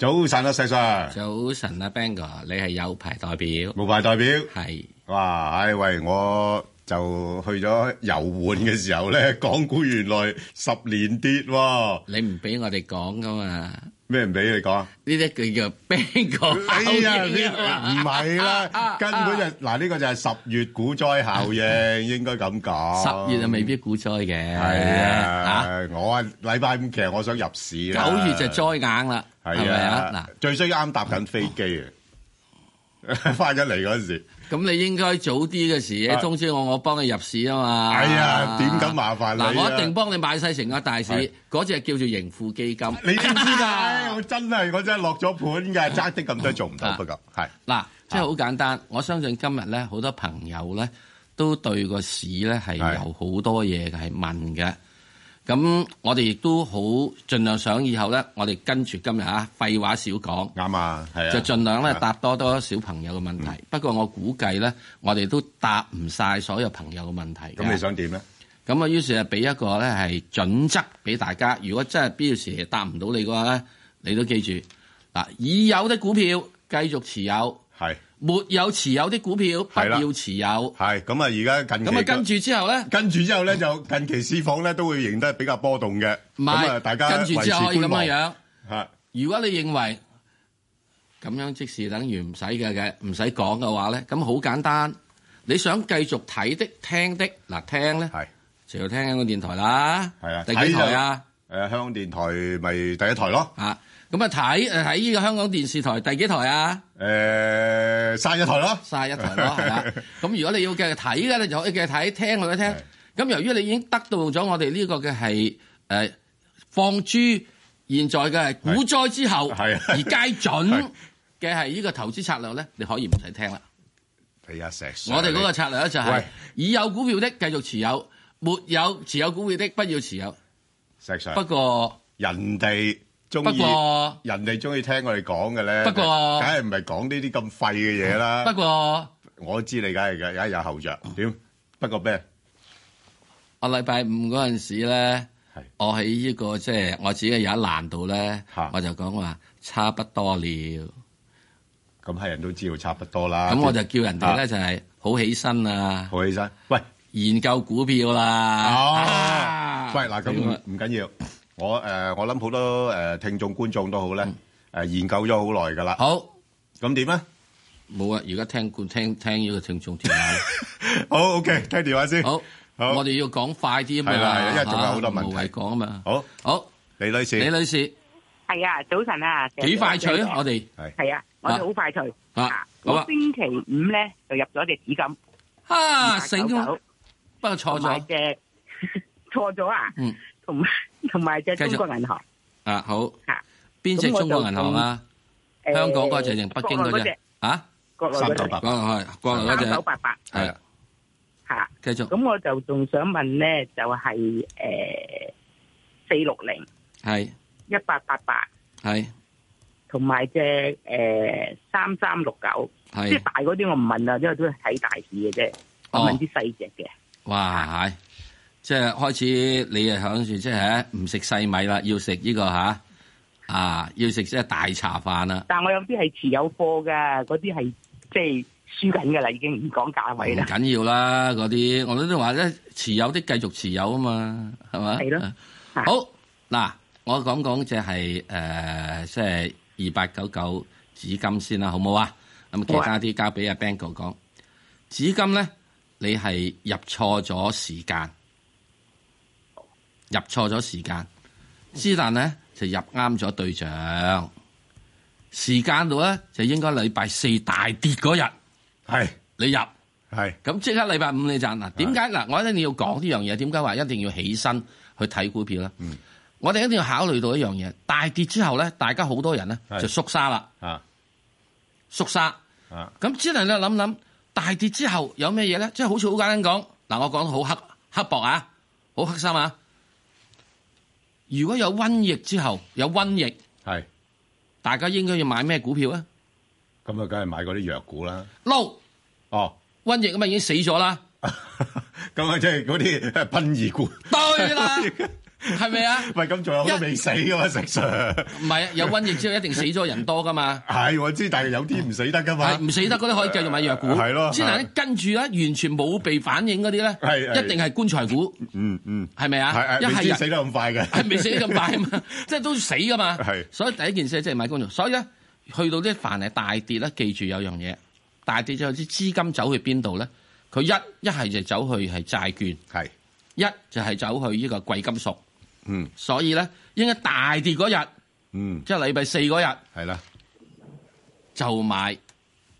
早晨啊，細叔！早晨啊，Bang 哥，你係有牌代表？冇牌代表？係。哇，唉，喂，我就去咗遊玩嘅時候咧，港股原來十年跌喎，你唔俾我哋講噶嘛？咩唔俾你講啊？呢啲叫做邊個？哎呀，唔係啦，根本就嗱，呢個就係十月股災效應，應該咁講。十月就未必股災嘅，係啊，我啊禮拜五其實我想入市啦。九月就災硬啦，係啊，嗱，最衰啱搭緊飛機啊，翻咗嚟嗰陣時。咁你應該早啲嘅時通知我，是我幫你入市啊嘛。係、哎、啊，點咁麻煩啦，我一定幫你買晒成大是個大市，嗰隻叫做盈富基金。你知唔知啊？ 我真係我真係落咗盤嘅，爭啲咁多做唔到，不過嗱，即係好簡單。啊、我相信今日咧，好多朋友咧都對個市咧係有好多嘢係問嘅。咁我哋亦都好，盡量想以後咧，我哋跟住今日啊，廢話少講，啱啊，係啊就盡量咧、啊、答多多小朋友嘅問題。啊、不過我估計咧，我哋都答唔晒所有朋友嘅問題。咁你想點咧？咁啊，於是畀俾一個咧係準則俾大家，如果真係必要時答唔到你嘅話咧，你都記住嗱，已有的股票繼續持有。沒有持有啲股票，不要持有。係咁啊！而家近咁啊，跟住之後咧，跟住之後咧就近期市況咧都會贏得比較波動嘅。唔係，大家維持觀望。吓，如果你認為咁樣即係等於唔使嘅嘅，唔使講嘅話咧，咁好簡單，你想繼續睇的、聽的，嗱聽咧，係，除咗聽香港電台啦，係啊，第幾台啊？誒，香港電台咪第一台咯。啊。咁啊，睇誒喺呢個香港電視台第幾台啊？誒、呃，晒一台咯，晒一台咯。咁 如果你要繼續睇嘅，你就可以繼續睇聽我哋聽。咁的由於你已經得到咗我哋呢個嘅係誒放諸，現在嘅股災之後的而皆準嘅係呢個投資策略咧，你可以唔使聽啦。係啊，石 Sir, 我哋嗰個策略咧就係、是、已喂有股票的繼續持有，沒有持有股票的不要持有。s, 石 Sir, 不過 人哋。中意，不過人哋中意聽我哋講嘅咧，不過梗係唔係講呢啲咁廢嘅嘢啦。不過我知你梗係嘅，梗係有後着，點？不過咩？我禮拜五嗰陣時咧，我喺呢個即係我自己有一難度咧，我就講話差不多了。咁係人都知道差不多啦。咁我就叫人哋咧就係好起身啦。好起身。喂，研究股票啦。哦。喂，嗱，咁唔緊要。我誒，我諗好多誒聽眾觀眾都好咧，誒研究咗好耐噶啦。好，咁點啊？冇啊，而家聽聽聽聽呢個聽眾電話。好，OK，聽電話先。好，我哋要講快啲啊嘛。係啦，因為仲有好多問題講啊嘛。好，好，李女士，李女士，係啊，早晨啊，幾快脆啊？我哋係啊，我哋好快脆。啊，我星期五咧就入咗隻紫金。啊，醒，不過錯咗。嘅，錯咗啊？嗯。同同埋隻中國銀行啊。好，邊隻中國銀行啊？香港嗰隻定北京嗰隻啊？國內嗰隻三九八八，三九八八係啊，繼續。咁我就仲想問咧，就係誒四六零係一八八八係，同埋隻誒三三六九係，即係大嗰啲我唔問啦，因為都係睇大市嘅啫，我問啲細隻嘅。哇！即係開始，你又響住，即係唔食細米啦，要食呢、這個吓啊，啊，要食即係大茶飯啦。但係我有啲係持有貨㗎，嗰啲係即係輸緊㗎啦，已經唔講價位啦。唔緊要啦，嗰啲我都都話咧，持有啲繼續持有啊嘛，係嘛？係咯的，啊、好嗱，我講講即係誒，即係二八九九紫金先啦，好冇啊？咁其他啲交俾阿 Ben 哥講紫金咧，你係入錯咗時間。入錯咗時間，之但咧就入啱咗對象。時間度咧就應該禮拜四大跌嗰日，係是你入，係咁是即刻禮拜五你賺嗱。點解嗱？是我一定要講呢樣嘢，點解話一定要起身去睇股票咧？嗯、我哋一定要考慮到一樣嘢，大跌之後咧，大家好多人咧就縮沙啦，啊，縮沙，咁是之但你諗諗，大跌之後有咩嘢咧？即、就、係、是、好似好簡單講嗱，我講得好黑，刻薄啊，好黑心啊。如果有瘟疫之後有瘟疫，係是大家應該要買咩股票啊？咁啊，梗係買嗰啲藥股啦。n 哦，瘟疫咁啊已經死咗啦。咁啊，即係嗰啲殯儀股。對啦了。 係咪啊？唔係咁仲有都未死噶嘛，石 Sir 唔係有瘟疫之後一定死咗人多噶嘛？係我知，但係有啲唔死得噶嘛？唔死得嗰啲可以繼續買藥股，係咯。之後咧跟住咧，完全冇被反映嗰啲咧，係一定係棺材股。嗯嗯，係咪啊？一係死得咁快嘅，係未死得咁快嘛？即係都死噶嘛？係。所以第一件事即係買棺材。所以咧，去到啲凡係大跌咧，記住有樣嘢，大跌之後啲資金走去邊度咧？佢一，一係就走去係債券，係一就係走去呢個貴金屬。嗯，所以咧，應該大跌嗰日，嗯，即係禮拜四嗰日，係啦的，就買紙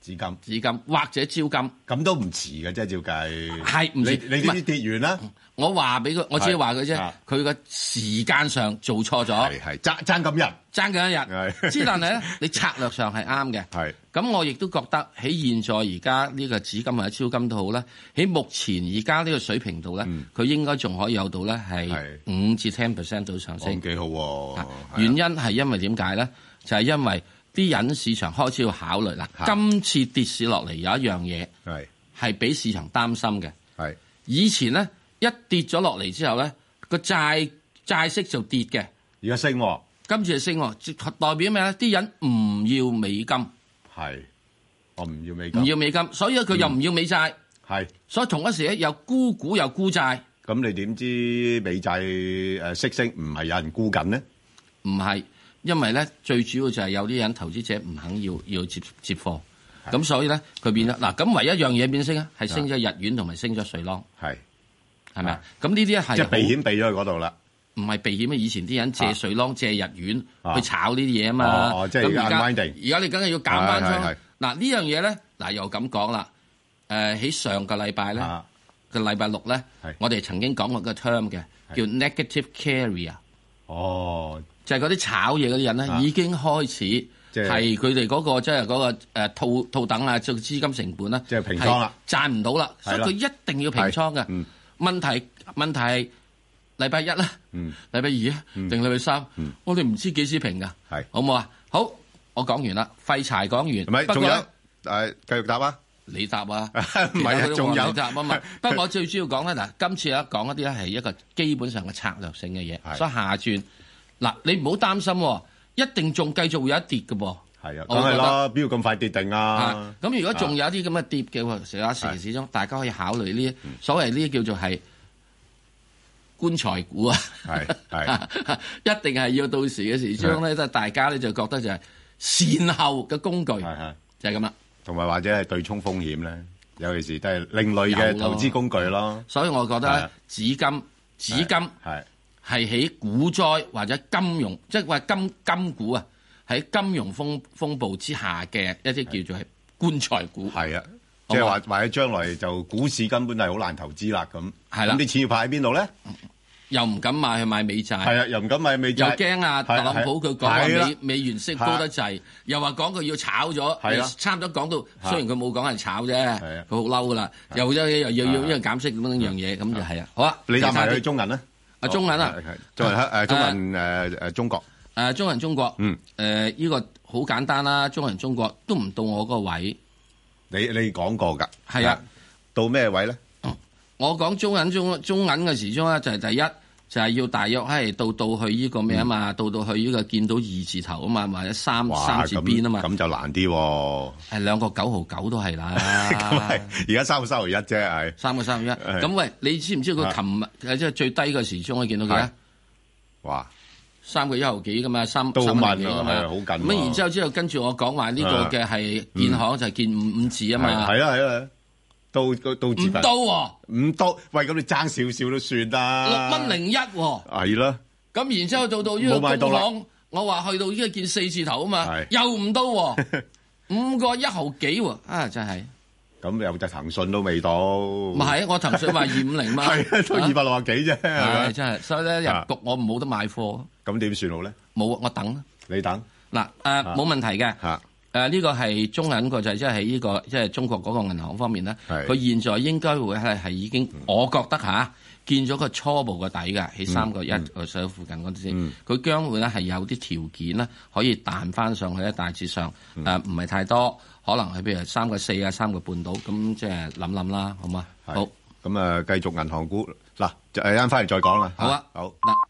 金、紙金或者招金，咁都唔遲嘅，即係照計係唔遲，你你啲跌完啦。我話俾佢，我只係話佢啫。佢個是時間上做錯咗，係係爭爭咁日，爭咁一日。之是但係咧， 你策略上係啱嘅。係咁是，我亦都覺得喺現在而家呢個資金或者超金都好咧。喺目前而家呢個水平度咧，佢應該仲可以有到咧係五至 ten percent 度上升，幾好喎？原因係因為點解咧？就係、是、因為啲引市場開始要考慮啦。是今次跌市落嚟有一樣嘢係係俾市場擔心嘅。係是以前咧。一跌咗落嚟之後咧，個債債息就跌嘅。而家升喎，今次係升喎，代表咩咧？啲人唔要美金，係我唔要美金，唔要美金，所以佢又唔要美債，係所以同一時咧又沽股又沽債。咁你點知美債誒息升唔係有人沽緊咧？唔係，因為咧最主要就係有啲人投資者唔肯要要接接貨，咁所以咧佢變咗嗱。咁唯一一樣嘢變升啊，係升咗日元同埋升咗水浪，係。係咪啊？咁呢啲係即係避險避咗去嗰度啦。唔係避險啊！以前啲人借水窿、借日元去炒呢啲嘢啊嘛。哦，即係 unwinding。而家你梗係要減翻出。嗱呢樣嘢咧，嗱又咁講啦。誒喺上個禮拜咧個禮拜六咧，我哋曾經講過個 term 嘅，叫 negative carrier。哦，就係嗰啲炒嘢嗰啲人咧，已經開始係佢哋嗰個即係嗰個套套等啊，即係資金成本啦，即係平倉啦，賺唔到啦，所以佢一定要平倉嘅。問題問題係禮拜一啦，禮拜二啊，定禮拜三，我哋唔知幾時平噶係好唔好啊？好，我講完啦，廢柴講完，唔係仲有誒，繼續答啊，你答啊，唔係啊，仲有答啊嘛？不過我最主要講咧嗱，今次啊講一啲咧係一個基本上嘅策略性嘅嘢，所以下轉嗱，你唔好擔心，一定仲繼續會有一跌㗎噃。係啊，梗係啦，邊要咁快跌定啊？咁如果仲有啲咁嘅跌嘅話，有時始終大家可以考慮呢啲所謂呢啲叫做係棺材股啊。係係，一定係要到時嘅時終咧，即係大家咧就覺得就係善後嘅工具，就係咁啦。同埋或者係對沖風險咧，尤其是都係另類嘅投資工具咯。所以我覺得紙金紙金係係喺股災或者金融，即係話金金股啊。喺金融風風暴之下嘅一啲叫做係棺材股，係啊，即係話或者將來就股市根本係好難投資啦咁。係啦，啲錢要派喺邊度咧？又唔敢買去買美債，係啊，又唔敢買美債，又驚啊！特朗普佢講美美元息高得滯，又話講佢要炒咗，係差唔多講到，雖然佢冇講係炒啫，佢好嬲噶啦，又一又要要呢樣減息咁樣嘢，咁就係啊。好啊，你就埋佢中銀啦，啊中銀啊，作為中銀中國。啊！中銀中國，嗯，誒，呢個好簡單啦。中銀中國都唔到我個位，你你講過噶，係啊，到咩位咧？我講中銀中中銀嘅時鐘咧，就係第一，就係要大約係到到去呢個咩啊嘛，到到去呢個見到二字頭啊嘛，或者三三字邊啊嘛，咁就難啲。係兩個九毫九都係啦，而家三個三毫一啫係，三個三毫一。咁喂，你知唔知佢琴日即係最低嘅時鐘，我見到幾咧？哇！三個一毫幾噶嘛，三到萬啊，係啊，好緊。咁然之後之後跟住我講話呢個嘅係建行就係建五五字啊嘛，係啊係啊，到到到五刀到，五刀喂，咁你爭少少都算啦，六蚊零一。係啦。咁然之後到到呢個工行，我話去到呢個建四字頭啊嘛，又唔到，五個一毫幾啊，真係。咁又就騰訊都未到。唔係，我騰訊話二五零蚊係啊，都二百六啊幾啫。係真係，所以咧入局我唔冇得買貨。咁點算好咧？冇啊，我等。你等嗱，冇問題嘅。嚇，誒呢個係中銀個就係即係呢個，即係中國嗰個銀行方面咧。佢現在應該會係係已經，我覺得下，見咗個初步個底嘅，喺三個一個上附近嗰啲先。佢將會咧係有啲條件咧，可以彈翻上去咧，大致上誒唔係太多，可能係譬如三個四啊，三個半到。咁即係諗諗啦，好嘛？好。咁誒，繼續銀行股嗱，就係啱翻嚟再講啦。好啊。好嗱。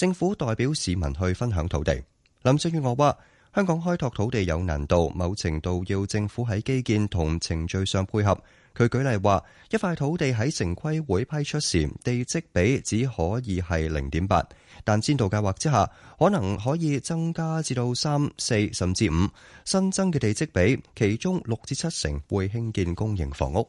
政府代表市民去分享土地。林鄭月娥話：香港開拓土地有難度，某程度要政府喺基建同程序上配合。佢舉例話，一塊土地喺城規會批出時，地積比只可以係零點八，但先導計劃之下，可能可以增加至到三四甚至五新增嘅地積比，其中六至七成會興建公營房屋。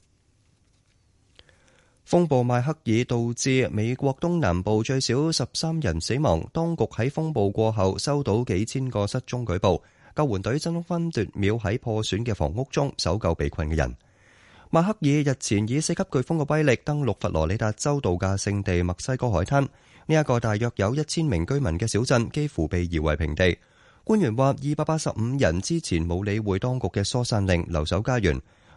風暴邁克爾導致美國東南部最少十三人死亡，當局喺風暴過後收到幾千個失蹤舉報，救援隊爭分奪秒喺破損嘅房屋中搜救被困嘅人。邁克爾日前以四級颶風嘅威力登陸佛羅里達州度假勝地墨西哥海灘，呢一個大約有一千名居民嘅小鎮幾乎被夷為平地。官員話，二百八十五人之前冇理會當局嘅疏散令，留守家園。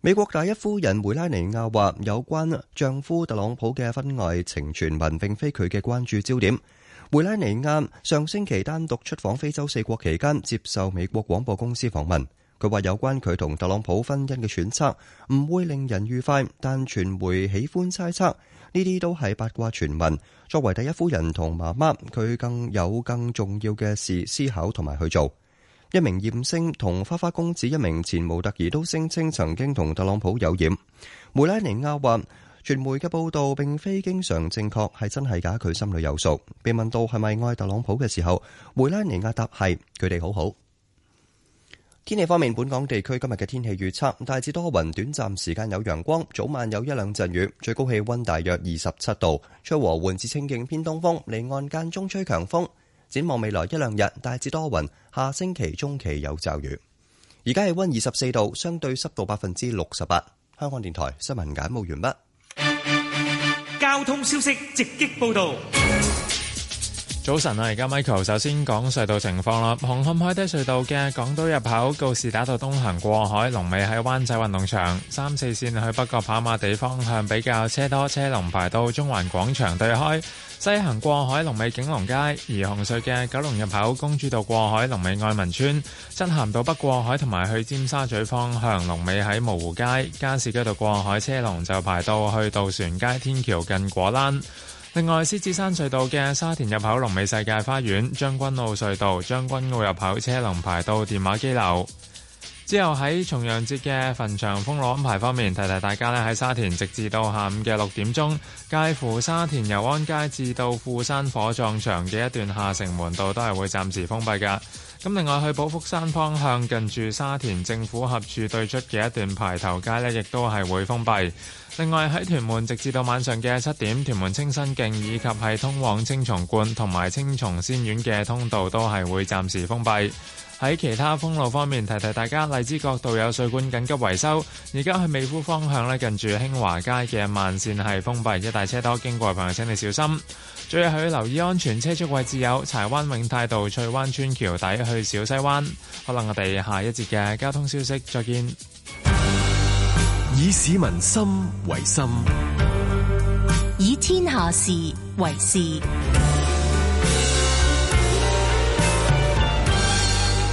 美國第一夫人梅拉尼亞話：有關丈夫特朗普嘅婚外情傳聞，並非佢嘅關注焦點。梅拉尼亞上星期單獨出訪非洲四國期間，接受美國廣播公司訪問，佢話有關佢同特朗普婚姻嘅揣測，唔會令人愉快，但傳媒喜歡猜測，呢啲都係八卦傳聞。作為第一夫人同媽媽，佢更有更重要嘅事思考同埋去做。一名艷星同花花公子，一名前模特兒都聲稱曾經同特朗普有染。梅拉尼亞話：傳媒嘅報道並非經常正確，係真係假，佢心裏有數。被問到係咪愛特朗普嘅時候，梅拉尼亞答係，佢哋好好。天氣方面，本港地區今日嘅天氣預測大致多雲，短暫時間有陽光，早晚有一兩陣雨，最高氣溫大約二十七度，吹和緩至清勁偏東風，離岸間中吹強風。展望未來一兩日，大致多雲。下星期中期有驟雨，而家氣溫二十四度，相對濕度百分之六十八。香港電台新聞簡報完畢。交通消息直擊報道。早晨啊！而家 Michael 首先講隧道情況啦。紅磡海底隧道嘅港島入口告士打道東行過海，龍尾喺灣仔運動場；三四線去北角跑馬地方向比較車多車龍，車龍排到中環廣場對開。西行過海，龍尾景隆街。而紅隧嘅九龍入口公主道過海，龍尾愛民邨。漆咸道北過海同埋去尖沙咀方向，龍尾喺蕪湖街。加士居道過海車龍就排到去渡船街天橋近果欄。另外，獅子山隧道嘅沙田入口、龍尾世界花園、將軍澳隧道、將軍澳入口車龍排到電話機樓。之後喺重陽節嘅墳場封路安排方面，提提大家咧，喺沙田，直至到下午嘅六點鐘，介乎沙田游安街至到富山火葬場嘅一段下城門道都係會暫時封閉噶。咁另外去寶福山方向，近住沙田政府合署對出嘅一段排頭街呢，亦都係會封閉。另外喺屯門，直至到晚上嘅七點，屯門清新徑以及係通往青松觀同埋青松仙苑嘅通道都係會暫時封閉。喺其他封路方面，提提大家，荔枝角道有水管緊急維修。而家去美孚方向呢，近住興華街嘅慢線係封閉，一大車，多經過嘅朋友請你小心。最後要留意安全車速位置有柴灣永泰道翠灣村橋底去小西灣。可能我哋下一節嘅交通消息再見。以市民心為心，以天下事為事。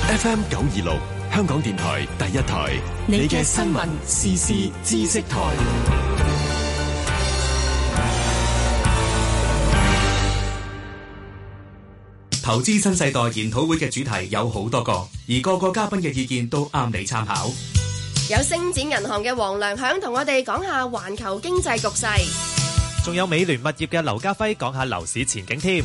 F M 九二六香港電台第一台，你嘅新聞時事知識台。投資新世代研討會嘅主題有好多個，而個個嘉賓嘅意見都啱你參考。有星展銀行嘅黃良響同我哋講下環球經濟局勢，仲有美聯物業嘅劉家輝講下樓市前景添。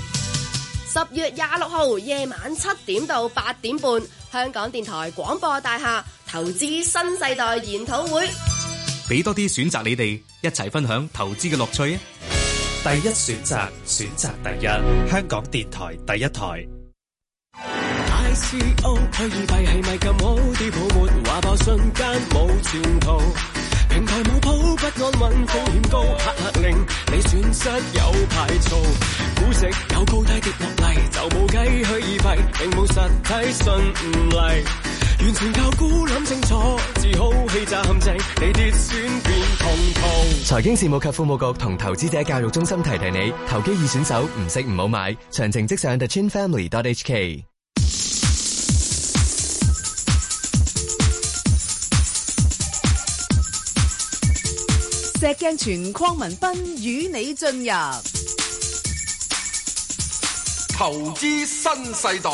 十月廿六號夜晚七點到八點半，香港電台廣播大廈投資新世代研討會，俾多啲選擇你哋一齊分享投資嘅樂趣啊！第一選擇，選擇第一，香港電台第一台。ICO 虛擬幣係咪咁好？啲泡沫話爆，瞬間冇前途，平台冇鋪，不安穩，風險高，黑客令你損失有排嘈。估值有高低跌落嚟就冇計虛擬幣，並冇實體信唔嚟。完全靠估，諗清楚，自好氣詐陷阱，你跌損變痛痛。財經事務及服務局同投資者教育中心提提你，投機二選手唔識唔好買。詳情即上 thechinfamily.hk。石鏡泉鄺民彬與你進入投資新世代。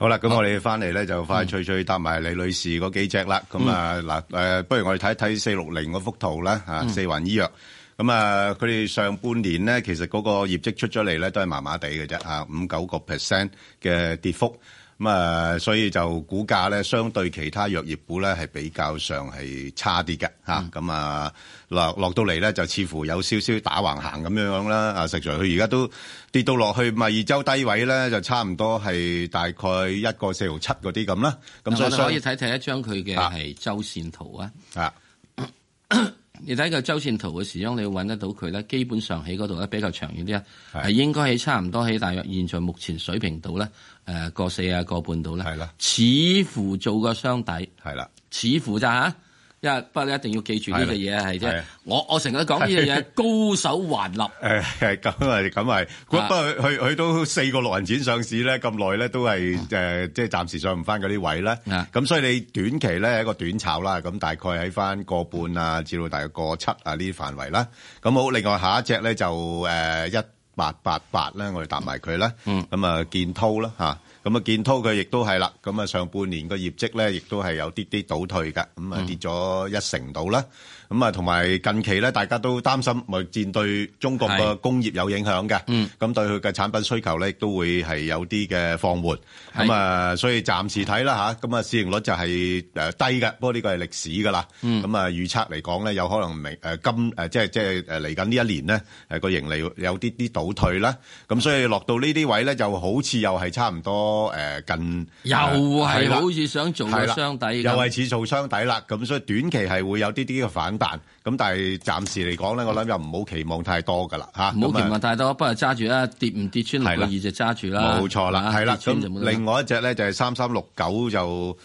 好啦，咁我哋翻嚟咧就快脆脆答埋李女士嗰幾隻啦。咁啊嗱，誒，不如我哋睇一睇四六零嗰幅圖啦。吓，四環醫藥，咁啊，佢哋上半年咧，其實嗰個業績出咗嚟咧都係麻麻地嘅啫。吓，五九個 percent 嘅跌幅。咁啊、嗯，所以就股價咧，相對其他藥業股咧，係比較上係差啲嘅。咁啊，落落到嚟咧，就似乎有少少打橫行咁樣樣啦。啊，實在佢而家都跌到落去咪二周低位咧，就差唔多係大概一個四毫七嗰啲咁啦。咁、嗯、所以可以睇第一張佢嘅係周線圖啊。啊 你睇個周線圖嘅時候，你揾得到佢咧？基本上喺嗰度咧，比較長遠啲啊，係是的 應該喺差唔多喺大約現在目前水平度咧，誒、呃、個四啊個半度咧，係啦，似乎做個雙底，係啦，似乎咋吓。不過你一定要記住呢個嘢係啫，我我成日講呢樣嘢高手還立，誒係咁啊咁啊，不過佢佢都四個六銀錢上市咧，咁耐咧都係誒即係暫時上唔翻嗰啲位啦。咁吧所以你短期咧一個短炒啦，咁大概喺翻個半啊至到大概個七啊呢啲範圍啦，咁好。另外下一隻咧就誒一八八八啦，呃、88，我哋答埋佢啦，咁啊建滔啦嚇咁啊，建滔佢亦都係啦，咁啊上半年個業績咧，亦都係有啲啲倒退嘅，咁啊、嗯、跌咗一成度啦。咁啊，同埋近期咧，大家都擔心外戰對中國嘅工業有影響嘅，咁對佢嘅產品需求咧，都會係有啲嘅放緩。咁啊，所以暫時睇啦嚇。咁啊，市盈率就係誒低嘅，不過呢個係歷史㗎啦。咁啊，預測嚟講咧，有可能明誒今誒即係即係誒嚟緊呢一年咧，誒個盈利有啲啲倒退啦。咁所以落到呢啲位咧，就好似又係差唔多誒近，又係好似想做雙底，又係似做雙底啦。咁所以短期係會有啲啲嘅反。咁但係暫時嚟講咧，我諗又唔好期望太多噶啦，吓。唔好期望太多，那不如揸住啦，跌唔跌穿六二就揸住啦。冇錯啦，係啦。咁另外一隻咧就係三三六九就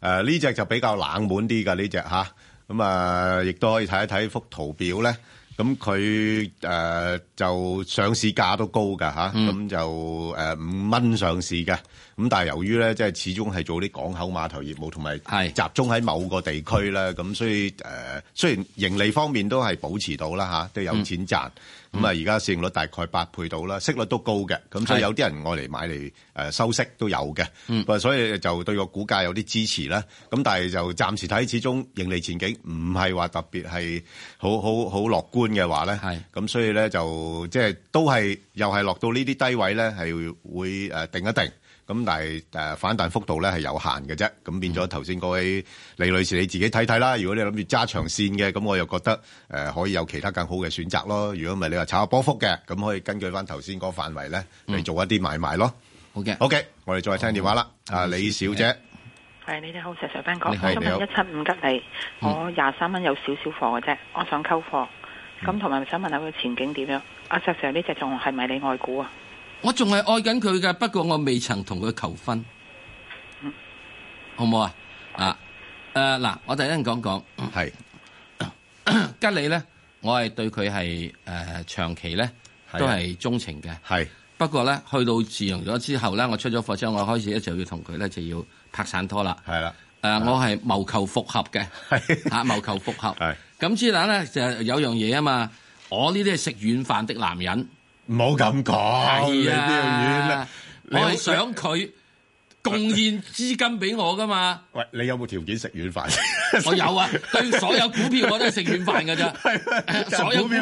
誒呢隻就比較冷門啲噶呢隻吓，咁啊亦都可以睇一睇幅圖表咧。咁佢誒就上市價都高㗎嚇，咁、嗯、就誒五蚊上市嘅。咁但係由於咧，即係始終係做啲港口碼頭業務，同埋集中喺某個地區啦，咁、嗯、所以誒、呃，雖然盈利方面都係保持到啦嚇，都有錢賺。嗯咁啊，而家市盈率大概八倍到啦，息率都高嘅，咁所以有啲人愛嚟買嚟誒收息都有嘅，咁所以就對個股價有啲支持啦。咁但係就暫時睇，始終盈利前景唔係話特別係好好好樂觀嘅話咧，咁所以咧就即係都係又係落到呢啲低位咧，係會誒定一定。咁但係誒反彈幅度咧係有限嘅啫，咁變咗頭先嗰位李女士你自己睇睇啦。如果你諗住揸長線嘅，咁我又覺得誒可以有其他更好嘅選擇咯。如果唔係你話炒下波幅嘅，咁可以根據翻頭先嗰個範圍咧你做一啲買賣咯。好嘅，好嘅，我哋再聽電話啦。啊，李小姐，係，你哋好，石 Sir，鄺 Sir，我今日一七五吉利，我廿三蚊有少少貨嘅啫，我想溝貨，咁同埋想問下佢前景點樣？啊，石 Sir，呢隻仲係咪你愛股啊？我仲係愛緊佢嘅，不過我未曾同佢求婚，好唔好啊？啊誒嗱，我第一陣講講，係是吉利咧，我係對佢係誒長期咧都係鍾情嘅，係的。不過咧去到自由咗之後咧，我出咗貨車，我開始咧就要同佢咧就要拍散拖啦，係啦的。誒、啊，我係謀求復合嘅，係謀的、啊、求復合，係的。咁之但咧就係有樣嘢啊嘛，我呢啲係食軟飯的男人。唔好咁講，你呢樣嘢咧，我係想佢貢獻資金俾我噶嘛？喂，你有冇條件食軟飯？我有啊，對所有股票我都係食軟飯噶啫。所有股票，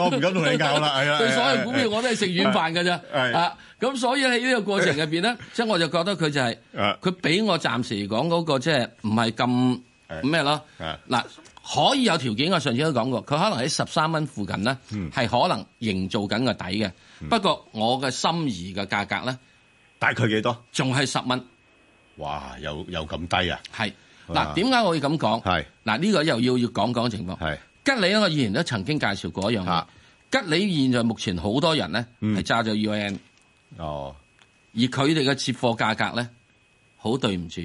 我唔敢同你教啦，係啊。對所有股票我都係食軟飯噶啫。係啊，咁所以喺呢個過程入邊咧，即係我就覺得佢就係，佢俾我暫時嚟講嗰個即係唔係咁咩咯？嗱。可以有條件，我上次都講過，佢可能喺十三蚊附近咧，係可能營造緊個底嘅。不過我嘅心儀嘅價格咧，大概幾多？仲係十蚊。哇！有有咁低啊？係嗱，點解我可以咁講？係嗱，呢個又要要講講情況。係吉利，我以前都曾經介紹過一樣嘢。吉利現在目前好多人咧係揸咗 U N。哦，而佢哋嘅接貨價格咧，好對唔住，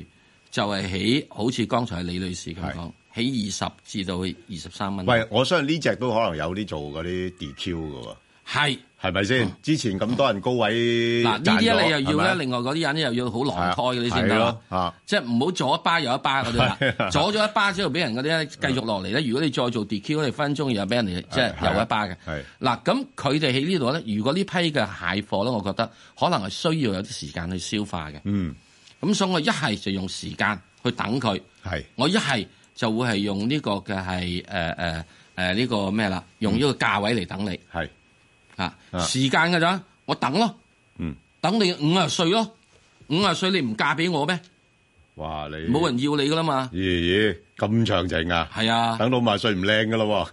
就係起好似剛才李女士咁講。起二十至到二十三蚊，喂，我相信呢隻都可能有啲做嗰啲 DQ 㗎喎，係係咪先？之前咁多人高位嗱，呢啲你又要咧，另外嗰啲人又要好狼胎嗰啲先得啦，即係唔好左一巴右一巴嗰啲啦。左咗一巴之後，俾人嗰啲咧繼續落嚟咧。如果你再做 DQ 嗰啲分鐘，又俾人哋即係右一巴嘅。嗱，咁佢哋喺呢度咧，如果呢批嘅蟹貨咧，我覺得可能係需要有啲時間去消化嘅。嗯，咁所以我一係就用時間去等佢，係我一係。就會係用呢個嘅係誒誒誒呢個咩啦？用呢個價位嚟等你係啊時間嘅咋？我等咯，嗯，等你五啊歲咯，五啊歲你唔嫁俾我咩？哇！你冇人要你噶啦嘛？咦咦，咁長情啊？係啊，等到五十歲唔靚噶咯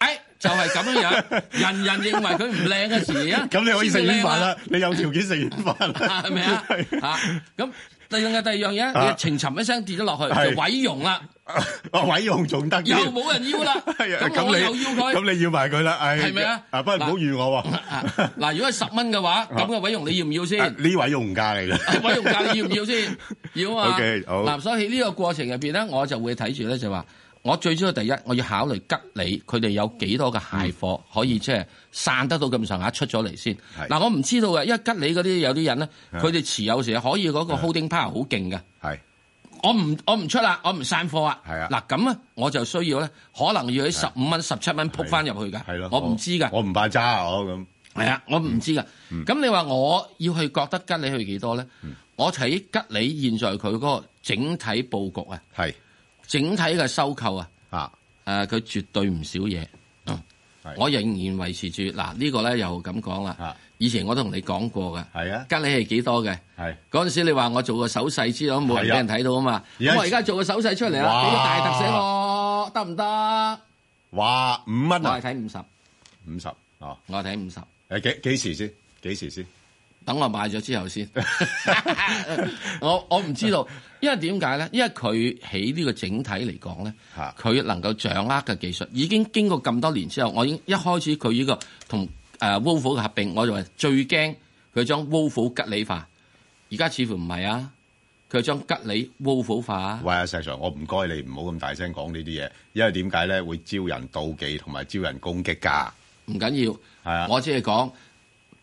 喎！誒，就係咁樣樣，人人認為佢唔靚嘅時啊，咁你可以食軟飯啦，你有條件食軟飯係咪啊？啊，咁第二樣嘢，你情沉一聲跌咗落去就毀容啦。啊，委佣仲得嘅，又冇人要啦。咁你又要佢，咁你要埋佢啦。係咪啊？啊，不過唔好預我喎。嗱，如果係十蚊嘅話，咁嘅委佣你要唔要先？呢位佣價嚟嘅，委佣價要唔要先？要啊。OK，好。嗱，所以呢個過程入邊咧，我就會睇住咧，就話我最主要第一，我要考慮吉利，佢哋有幾多嘅蟹貨可以即係散得到咁上下出咗嚟先。嗱，我唔知道啊，因為吉利嗰啲有啲人咧，佢哋持有時可以嗰個 holding power 好勁㗎。我唔我唔出啦，我唔散貨啊。係啊，嗱，咁我就需要咧，可能要喺十五蚊、十七蚊撲翻入去噶。係咯，我唔知噶。我唔怕揸我咁。係啊，我唔知噶。咁你話我要去覺得吉利去幾多咧？我睇吉利現在佢嗰個整體佈局啊，整體嘅收購啊。誒，佢絕對唔少嘢。我仍然維持住嗱呢個咧，又咁講啦。以前我都同你講過㗎，係啊，跟你係幾多嘅？係嗰陣時候你話我做個手勢之類冇人俾人睇到啊嘛，咁我而家做個手勢出嚟啦，俾哇個大特寫我得唔得？哇！五蚊我係睇五十，五十啊！我係睇五十。誒幾幾時先？幾時先？等我買咗之後先。 我我唔知道，因為點解咧？因為佢喺呢個整體嚟講咧，佢、啊、能夠掌握嘅技術已經經過咁多年之後，我已經一開始佢呢個同。誒 Wolf 嘅合併，我認為最驚佢將 Wolf 吉理化，而家似乎唔係啊，佢將吉理 Wolf 化。喂啊，石 Sir，我唔該你唔好咁大聲講呢啲嘢，因為點解咧會招人妒忌同埋招人攻擊㗎？唔緊要，係啊，我只係講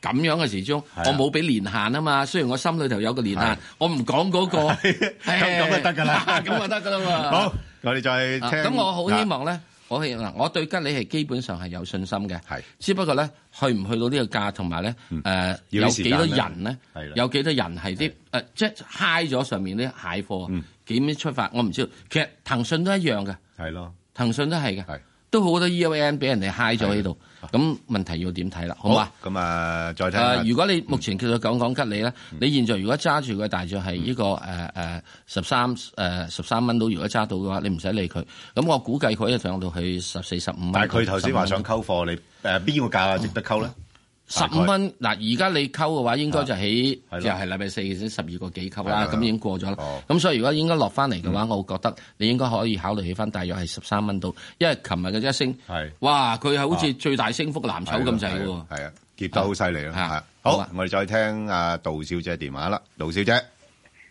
咁樣嘅時鐘，我冇俾年限啊嘛。雖然我心裏頭有個年限，我唔講嗰個，咁咁就得㗎啦，咁就得㗎啦嘛。好，我哋再聽。咁我好希望咧。我嗱，我對吉利係基本上係有信心嘅，係只不過咧，去唔去到呢個價，同埋咧，誒、嗯呃、有幾多人咧，嗯、有幾多人係啲誒即係 high 咗上面啲蟹貨，嗯、幾咩出發我唔知道。其實騰訊都一樣嘅，係嘅騰訊都係嘅。嘅都好多 ELN 俾人哋 high 咗喺度，咁的問題要點睇啦？好啊咁啊，再睇下。如果你目前其實講講吉利咧，嗯、你現在如果揸住佢，大約係呢個誒誒十三誒十三蚊到，如果揸到嘅話，你唔使理佢。咁我估計佢一上到去十四十五蚊。但佢頭先話想溝貨，你邊個價值得溝咧？嗯嗯十五蚊嗱，而家你溝嘅話，應該就喺就係禮拜四先十二個幾溝啦，咁已經過咗啦。咁所以如果應該落翻嚟嘅話，我覺得你應該可以考慮起翻，大約係十三蚊度。因為琴日嘅一升，係哇，佢係好似最大升幅藍籌咁滯喎。啊，結得好犀利啦。好，我哋再聽阿杜小姐電話啦。杜小姐，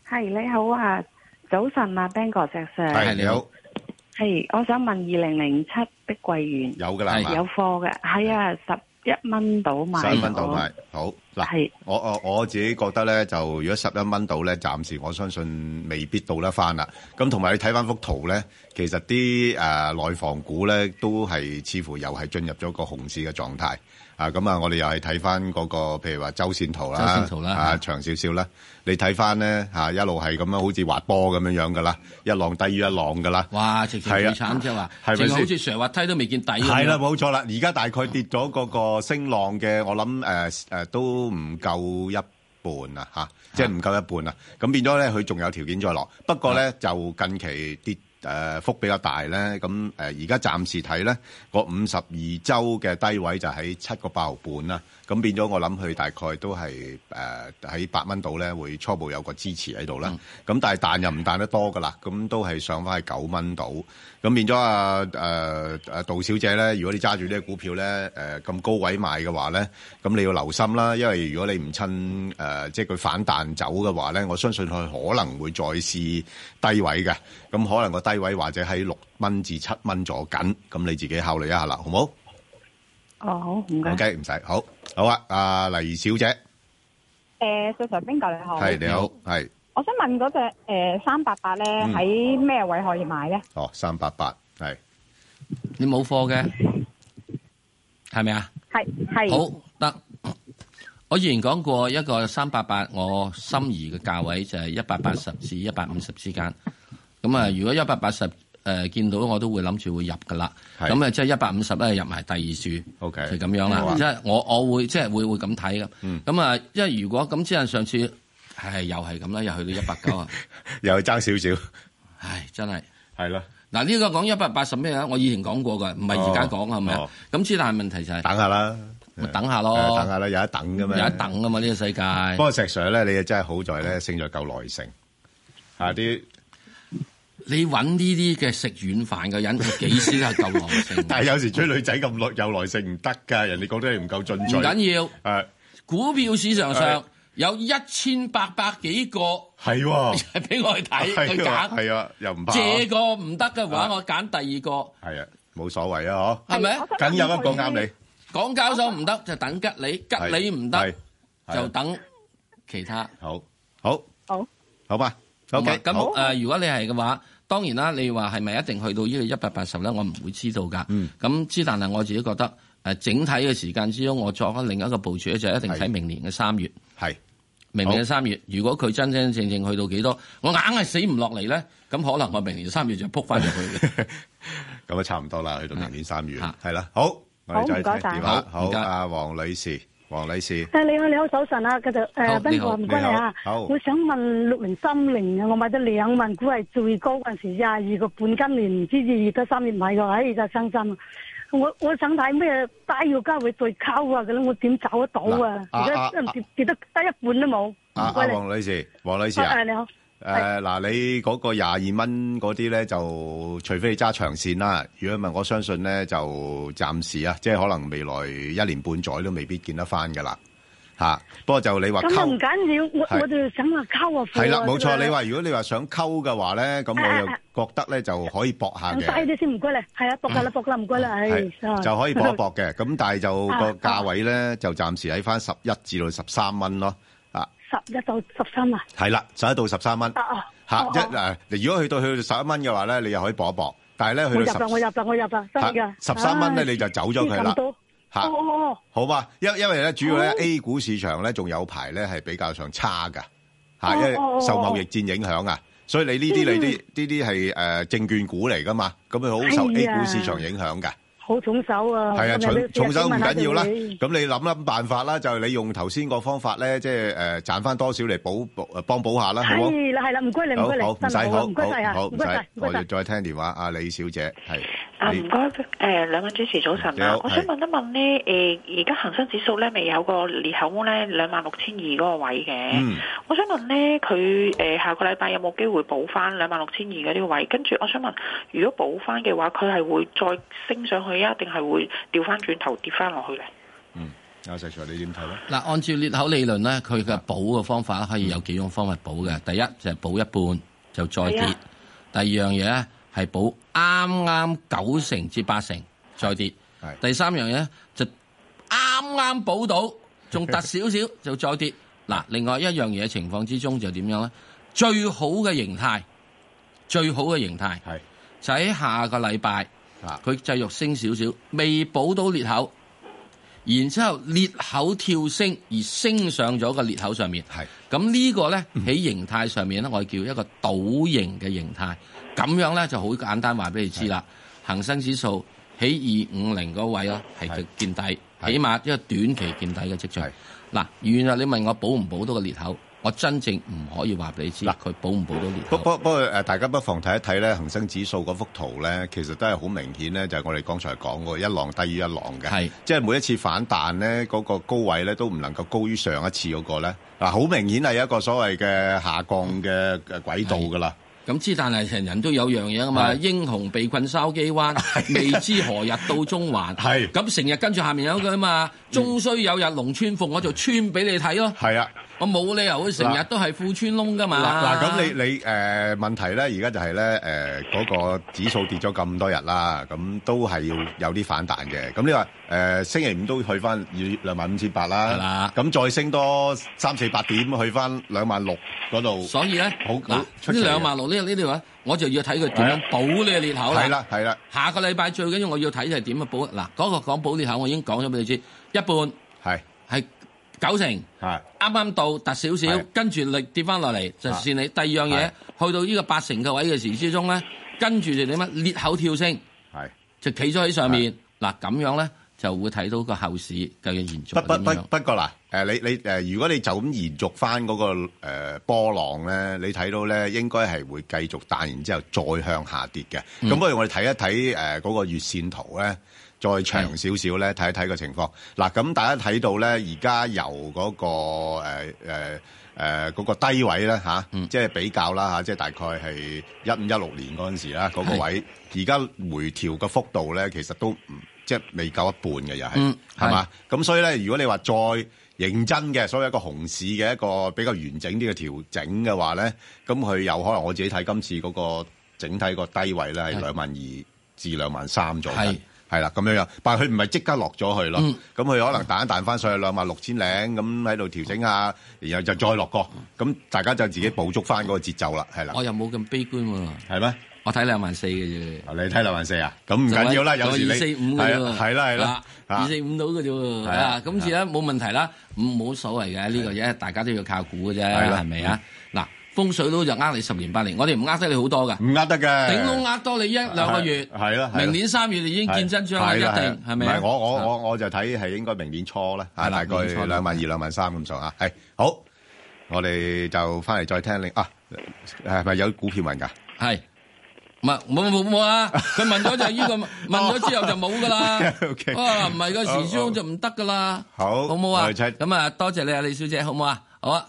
係，你好啊，早晨啊，Ben 哥石 Sir。係你好。係，我想問二零零七碧桂園有㗎啦，有貨嘅，係啊十。一蚊到買，十一蚊到買，我好嗱是，我我我自己覺得咧，就如果十一蚊到咧，暫時我相信未必到得翻啦。咁同埋你睇翻幅圖咧，其實啲、呃、內房股咧都係似乎又係進入咗個熊市嘅狀態。啊，咁啊，我哋又係睇翻嗰個，譬如話周線圖啦，啊長少少啦，你睇翻咧嚇，一路係咁樣好似滑波咁樣樣噶啦，一浪低於一浪噶啦，哇，直情最慘即係話，好似成日滑梯都未見底咁係啦，冇錯啦，而家大概跌咗嗰個升浪嘅，我諗、呃呃呃、都唔夠一半啊，即係唔夠一半啊，咁變咗咧佢仲有條件再落，不過咧就近期跌。誒、呃、幅比較大咧，咁誒而家暫時睇咧，嗰五十二周嘅低位就喺七個八毫半啦。咁變咗，我諗佢大概都係誒喺八蚊度咧，會初步有個支持喺度啦。咁、嗯、但係彈又唔彈得多㗎啦，咁都係上翻去九蚊度。咁變咗啊誒，杜小姐咧，如果你揸住呢個股票咧，誒、呃、咁高位賣嘅話咧，咁你要留心啦，因為如果你唔趁誒即係佢反彈走嘅話咧，我相信佢可能會再試低位嘅。咁可能個低位或者喺六蚊至七蚊左近，咁你自己考慮一下啦，好唔好？哦，好唔該。冇唔使好。好啊，阿黎小姐，誒、呃，小常邊個，你好，係你好係。我想問嗰隻誒三八八咧喺咩位可以買咧？哦，三八八係你冇貨嘅係咪啊？係係好得。我以前講過一個三八八，我心儀嘅價位就係一百八十至一百五十之間。咁啊，如果一百八十，誒見到我都會諗住會入噶啦，咁誒即係一百五十咧入埋第二處，就咁樣啦。即係我我會即係會會咁睇㗎。咁啊，因為如果咁，之但上次係又係咁啦，又去到一百九啊，又爭少少。唉，真係係咯。嗱呢個講一百八十咩啊？我以前講過嘅，唔係而家講係咪？咁之但問題就係等下啦，等下咯，等下啦，有一等㗎咩？有一等啊嘛！呢個世界。不過石 Sir 咧，你真係好在咧，勝在夠耐性嚇啲。你揾呢啲嘅食軟飯嘅人，佢幾時都夠耐性？但係有時追女仔咁耐有耐性唔得㗎，人哋覺得你唔夠進取。唔緊要，誒股票市場上有一千八百幾個係喎，俾我去睇去揀，係啊，又唔怕。這個唔得嘅話，我揀第二個。係啊，冇所謂啊，嗬。係咪？梗有一個啱你。港交所唔得就等吉利，吉利唔得就等其他。好，好，好，好嘛。OK，咁誒，如果你係嘅話。當然啦，你話係咪一定去到180呢個一百八十咧？我唔會知道㗎。咁之，但係我自己覺得，整體嘅時間之中，我作返另一個部署咧，就一定睇明年嘅三月。係的明年嘅三月，好如果佢真真正，正正去到幾多，我硬係死唔落嚟咧，咁可能我明年三月就撲翻入去。咁啊，差唔多啦，去到明年三月係啦。好，我哋再曬，好，阿黃女士。黃女士，誒、啊、你好，你好，早晨啊，繼續誒彬哥唔該你啊，你好好，我想問六零三零啊，我買咗兩萬股係最高嗰陣時廿二個半，今年唔知至二得三年買個，哎真係傷心，我我想睇咩低要價位再溝啊，咁我點找得到啊？而家都跌跌得得一半都冇。啊，黃女士，黃女士啊，啊，你好。誒嗱，你嗰個廿二蚊嗰啲咧，就除非你揸長線啦。如果唔係，我相信咧就暫時啊，即係可能未來一年半載都未必見得翻噶啦嚇。不過就你話，咁唔緊要，我我哋想話溝啊。係啦，冇錯。你話如果你話想溝嘅話咧，咁我又覺得咧就可以搏下嘅。快啲先，唔該你，係啊，搏下啦，搏啦，唔該啦。就可以搏一搏嘅。咁但係就個價位咧，就暫時喺翻十一至到十三蚊咯。十一到十三啦，係啦，十一到十三蚊，吓，一如果去到去到十一蚊嘅話咧，你又可以搏一搏，但係咧去到十我入啦，我入啦，十三蚊咧，你就走咗佢啦，吓，好嘛？因因為咧主要咧 A 股市場咧仲有排咧係比較上差噶，吓，因為受貿易戰影響啊，所以你呢啲你啲呢啲係誒證券股嚟噶嘛，咁啊好受 A 股市場影響噶。好重手啊！係啊，重手唔緊要啦。咁你諗諗辦法啦，就係你用頭先個方法咧，即係誒賺翻多少嚟補補幫補下啦。係啦，係啦，唔該你，唔該你，唔該唔好，唔該曬，好，我哋再聽電話啊，李小姐係。啊，唔該誒兩位主持早晨啊！我想問一問咧而家恒生指數咧未有個裂口咧兩萬六千二嗰個位嘅。我想問咧佢下個禮拜有冇機會補翻兩萬六千二嘅呢個位？跟住我想問，如果補翻嘅話，佢係會再升上去？係啊，定係會掉翻轉頭跌翻落去咧？嗯，阿石才，你點睇咧？嗱，按照裂口理論咧，佢嘅補嘅方法咧，可以有幾種方法補嘅。第一就係補一半就再跌；第二樣嘢咧係補啱啱九成至八成再跌；第三樣嘢就啱啱補到仲突少少就再跌。嗱，另外一樣嘢情況之中就點樣咧？最好嘅形態，最好嘅形態係就喺下個禮拜。佢繼續升少少，未補到裂口，然之後裂口跳升而升上咗個裂口上面。係咁是呢個咧，喺、嗯、形態上面咧，我叫一個倒形嘅形態。咁樣咧就好簡單告你，話俾你知啦。恒生指數喺二五零嗰位啦，係見底，是起碼一個短期見底嘅跡象。嗱是，原來你問我補唔補到個裂口？我真正唔可以話俾你知，嗱佢啦保唔保到年、這個？不不不過誒，大家不妨睇一睇咧，恒生指數嗰幅圖咧，其實都係好明顯咧，就係、是、我哋剛才講嗰，一浪低於一浪嘅，係是即係每一次反彈咧，嗰、那個高位咧都唔能夠高於上一次嗰、那個咧，嗱好明顯係一個所謂嘅下降嘅誒軌道㗎啦。咁之，但係人人都有樣嘢啊嘛，的英雄被困筲箕灣， 未知何日到中環。係咁成日跟住下面有句啊嘛，嗯、終須有日龍穿鳳，我就穿俾你睇咯。係啊。我冇理由去成日都係富穿窿噶嘛？嗱嗱，咁你你誒問題咧？而家就係咧誒嗰個指數跌咗咁多日啦，咁都係要有啲反彈嘅。咁呢個誒星期五都去返兩萬五千八啦，咁再升多三四百點去返兩萬六嗰度。所以咧，好嗱，呢兩萬六呢呢條咧，我就要睇佢點樣補呢個裂口啦。係啦係啦，下個禮拜最緊要我要睇就係點樣補嗱嗰個講補裂口，我已經講咗俾你知，一半係係。九成係，啱啱是到突少少，凸凸凸是跟住力跌翻落嚟就算你。是第二樣嘢是去到呢個八成嘅位嘅時之中咧，跟住就點樣裂口跳升，係是就企咗喺上面。嗱咁是樣咧就會睇到個後市究竟延續不不不，不過嗱，誒、呃、你你誒、呃，如果你就咁延續翻嗰、那個誒、呃、波浪咧，你睇到咧，應該係會繼續彈完之後再向下跌嘅。咁、嗯、不如我哋睇一睇誒嗰個月線圖咧。再長少少咧，睇一睇個情況嗱。咁大家睇到咧，而家由嗰、那個誒誒嗰個低位咧，即係比較啦，即係大概係一五一六年嗰陣時啦，嗰、那個位，而家是回調嘅幅度咧，其實都唔，即係未夠一半嘅，又係係嘛，咁。吧是所以咧，如果你話再認真嘅，所謂一個熊市嘅一個比較完整啲嘅調整嘅話咧，咁佢有可能，我自己睇今次嗰個整體個低位咧，係兩萬二至兩萬三左右。係啦，咁樣樣，但係佢唔係即刻落咗去咯，咁佢可能彈一彈翻上去兩萬六千零，咁喺度調整下，然後就再落個，咁大家就自己捕捉翻嗰個節奏啦，係啦。我又冇咁悲觀喎。係咩？我睇兩萬四嘅啫。你睇兩萬四啊？咁唔緊要啦，有時二四五嘅喎。係啦係啦，二四五到嘅啫。咁而家冇問題啦，唔冇所謂嘅呢個嘢，大家都要靠估嘅啫，係咪啊？嗱。風水佬就呃你十年八年，我哋唔呃得你好多噶，唔呃得嘅。頂籠呃多你一兩個月，係啦，明年三月你已經見真章啦，一定，係咪？我我我我就睇係應該明年初咧，嚇大概兩萬二兩萬三咁數啊！誒好，我哋就翻嚟再聽你啊，係咪有股票問噶？係，唔啊冇冇冇啊！佢問咗就呢個問咗之後就冇噶啦，哇！唔係個時鐘就唔得噶啦，好，好唔好啊？咁啊，多謝你啊，李小姐，好唔好啊？好啊！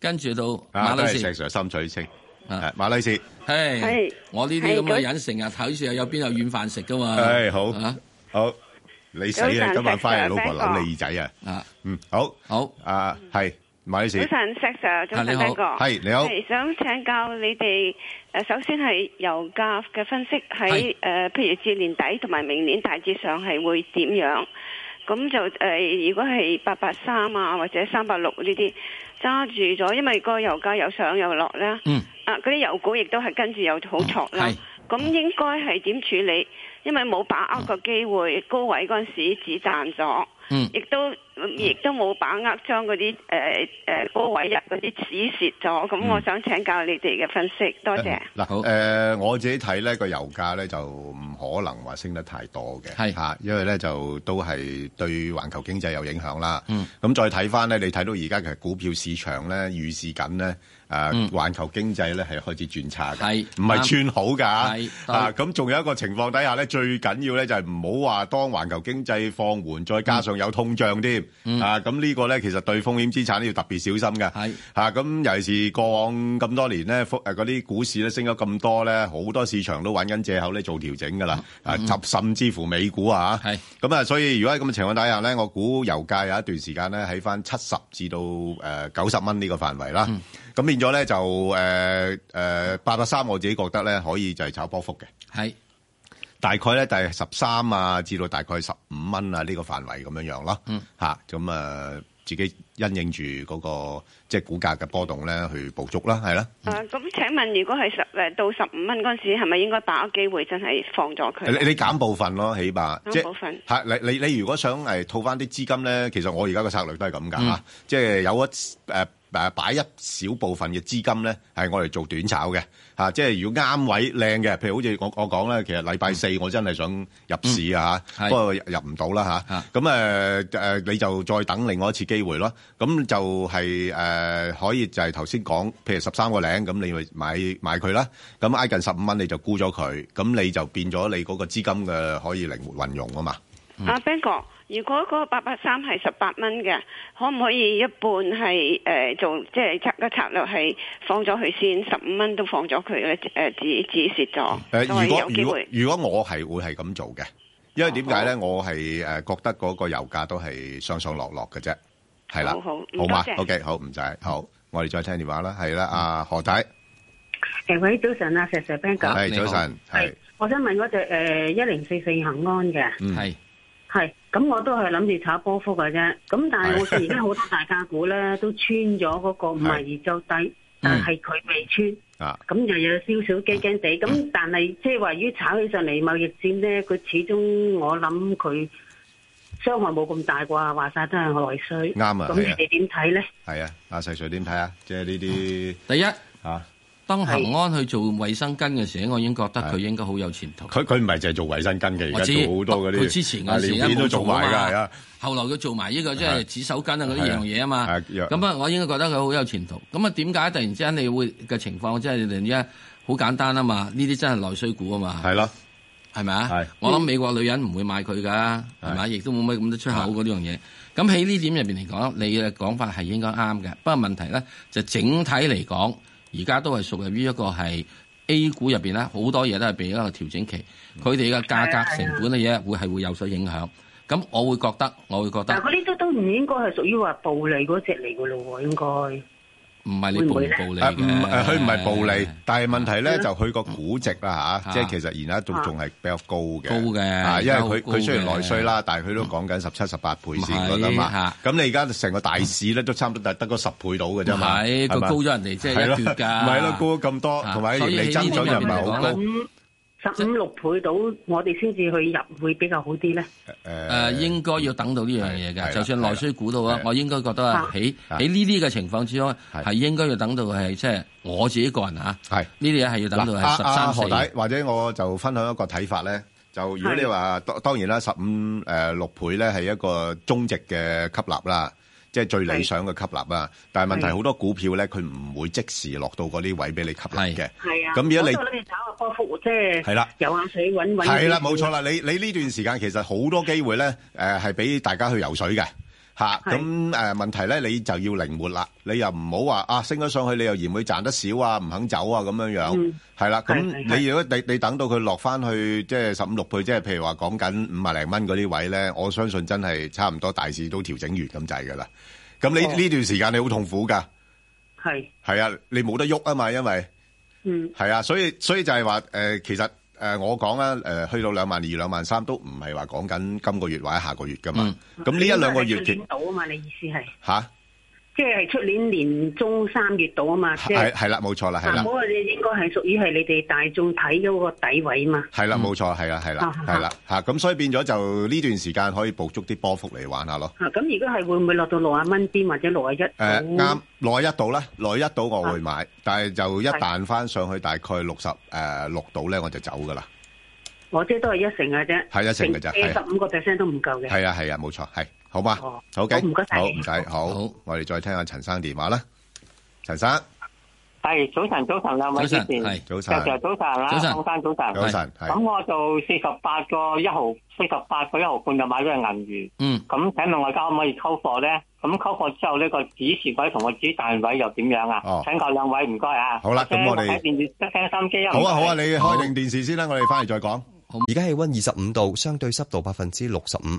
跟住到，馬女士，石 Sir 心水清，馬女士，係，我呢啲咁嘅人成日睇住有邊有軟飯食噶嘛，係好，好，你死啊，今晚返嚟老婆扭你耳仔啊，嗯，好好，係馬女士，早晨，石 Sir，早晨好，係你好，想請教你哋，誒，首先係油價嘅分析喺誒，譬如至年底同埋明年大致上係會點樣？咁就、呃、如果係八八三啊，或者三八六呢啲揸住咗，因為個油價又上又落、嗯啊、啦。嗯。啊，嗰啲油股亦都係跟住又好挫啦。咁應該係點處理？因為冇把握個機會，嗯、高位嗰陣時只賺咗。嗯亦，亦都亦都冇把握將嗰啲誒誒高位入嗰啲止蝕咗，咁我想請教你哋嘅分析，嗯、多謝嗱，誒、嗯呃、我自己睇咧個油價咧就唔可能話升得太多嘅，係吓是，因為咧就都係對環球經濟有影響啦。嗯，咁、嗯、再睇翻咧，你睇到而家其實股票市場咧預示緊咧誒環球經濟咧係開始轉差嘅，係唔係轉好噶，係、嗯、啊，咁仲是、啊、有一個情況底下咧，最緊要咧就係唔好話當環球經濟放緩再加上。有通脹添，嗯、啊咁、這個、呢個咧，其實對風險資產咧要特別小心嘅。咁是、啊、尤其是過往咁多年咧，嗰啲股市咧升咗咁多咧，好多市場都揾緊借口咧做調整噶啦。嗯、啊，甚至乎美股啊，咁是啊，所以如果喺咁嘅情況底下咧，我估油價有一段時間咧喺翻七十至到九十蚊呢個範圍啦。咁、嗯啊、變咗咧就誒誒八百三，呃呃、我自己覺得咧可以就係炒波幅嘅。大概咧，大概十三啊，至到大概十五蚊啊，呢、這個範圍咁樣樣咯。嗯，吓咁啊，自己因應住嗰、那個即係、就是、股價嘅波動咧，去捕捉啦，係啦、嗯。啊，咁請問如果係十誒到十五蚊嗰陣時候，係咪應該把握機會真係放咗佢，你你減部分咯，起碼部分即係吓，你你你如果想誒套翻啲資金咧，其實我而家嘅策略都係咁噶吓，嗯、即係有一誒。呃誒擺一小部分嘅資金咧，係我嚟做短炒嘅嚇，即係如果啱位靚嘅，譬如好似我我講咧，其實禮拜四我真係想入市啊嚇，不過入唔到啦嚇。咁誒誒，你就再等另外一次機會咯。咁就係誒可以就係頭先講，譬如十三個零，咁你咪買買佢啦。咁挨近十五蚊你就沽咗佢，咁你就變咗你嗰個資金嘅可以靈活運用啊嘛。阿 Ben 哥。如果嗰個八百三係十八蚊嘅，可唔可以一半係誒、呃、做即係策個策略係放咗佢先，十五蚊都放咗佢嘅誒止止蝕咗？誒、呃呃，如果如果如果我係會係咁做嘅，因為點解咧？哦、我係誒覺得嗰個油價都係上上落落嘅啫，係啦，好嘛？O K，好唔使好，我哋再聽電話啦，係啦，阿、嗯啊、何太，誒，喂，早晨啊，石石彬哥早晨，係是好，我想問嗰隻誒一零四四恒安嘅，嗯，係是，係。咁我都係諗住炒波幅嘅啫，咁但係我見而家好多大價股咧都穿咗嗰個五日二周底，的但係佢未穿，咁又、嗯啊、有少少驚驚地。咁、嗯嗯、但係即係話於炒起上嚟貿易戰咧，佢始終我諗佢傷害冇咁大啩，話晒都係內需。啱啊！咁你哋點睇咧？係啊，阿石 Sir 點睇啊？即係呢啲第一吓。當恒安去做衛生巾嘅時候，我已經覺得佢應該好有前途。佢佢唔係淨係做衛生巾嘅，而家做好多佢之前嗰時都做埋㗎，對後來佢做埋呢、呢個對即係紙手巾啊嗰啲樣嘢啊嘛。咁啊，我應該覺得佢好有前途。咁啊，點解突然之間你會嘅情況即係突然之間好簡單啊嘛？呢啲真係內需股啊嘛。係咯了，係咪啊？對我諗美國女人唔會買佢㗎，係咪對？亦都冇乜咁多出口嗰啲樣嘢。咁喺呢點入邊嚟講，你嘅講法係應該啱嘅。不過問題咧就整體嚟講。而家都係屬於一個係 A 股入邊咧，好多嘢都係俾一個調整期，佢哋嘅價格成本嘅嘢會係會有所影響。咁我會覺得，我會覺得，但佢啲都唔應該係屬於話暴利嗰隻嚟嘅咯喎，應該。唔係你暴利，佢唔係暴利，但係問題咧就佢個估值啦吓，即係其實而家仲仲係比較高嘅，因為佢佢雖然內需啦，但係佢都講緊十七十八倍先嗰啲嘛。咁你而家成個大市咧都差唔多得得個十倍到嘅啫嘛，高咗人哋即係一段㗎，係咯，唔係咯，高咗咁多，同埋你增長又唔係好高。十五六倍到，我哋先至去入會比較好啲咧。誒、呃，應該要等到呢樣嘢嘅，就算內需估到，啊的，我應該覺得啊，喺喺呢啲嘅情況之中，係的的應該要等到係即係我自己個人吓。係呢啲嘢係要等到係十三四，或者我就分享一個睇法咧，就如果你話，的當然啦，十五誒六倍咧係一個中值嘅吸納啦。即係最理想嘅吸納啊！是的 但係問題好多股票咧，佢唔會即時落到嗰啲位俾你吸納嘅。係啊的，咁而家你可以炒個波幅，即係游下水揾位。係啦，冇錯啦！你你呢段時間其實好多機會咧，誒係俾大家去游水嘅。咁、啊是呃、問題咧，你就要靈活啦。你又唔好話啊，升咗上去，你又嫌佢賺得少啊，唔肯走啊，咁樣樣。係啦，咁你如果的你你等到佢落翻去，即係十五六倍，即係譬如話講緊五萬零蚊嗰啲位咧，我相信真係差唔多大市都調整完咁滯㗎啦。咁你呢、嗯、段時間你好痛苦㗎，係係啊，你冇得喐啊嘛，因為嗯係啊，所以所以就係話、呃、其實。誒、呃、我講啦，誒、呃、去到兩萬二、兩萬三都唔係話講緊今個月或者下個月㗎嘛，咁呢、嗯、一兩個月跌到啊嘛，你意思係嚇？啊。即係出年年中三月度啊嘛，即係係啦，冇錯啦，係啦。嗰個你應該係屬於係你哋大眾睇嗰個底位啊嘛。係啦，冇錯，係啦，係啦，係啦，嚇，咁所以變咗就呢段時間可以捕捉啲波幅嚟玩下咯。咁如果係會唔會落到六啊蚊啲或者六啊一？誒啱，六啊一度啦，六啊一度我會買，但係就一旦翻上去大概六十誒六度咧，我就走㗎啦。我即係都係一成嘅啫，係一成嘅啫，二十五個 percent 都唔夠嘅。係啊係啊，冇錯係。好嘛，好嘅，好唔該晒，好我哋再聽下陳生電話啦。陳生係早晨，早晨啊，兩位先係早晨，早晨，早晨早晨，早晨，早晨。咁我就四十八個一毫，四十八個一毫半就買咗隻銀魚。嗯，咁請問我交可唔可以溝貨咧？咁溝貨之後呢個止蝕位同個止賺位又點樣啊？請教兩位唔該啊。好啦，咁我哋聽心機啊。好啊，好啊，你開定電視先啦，我哋翻嚟再講。而家氣温二十五度，相對濕度百分之六十五。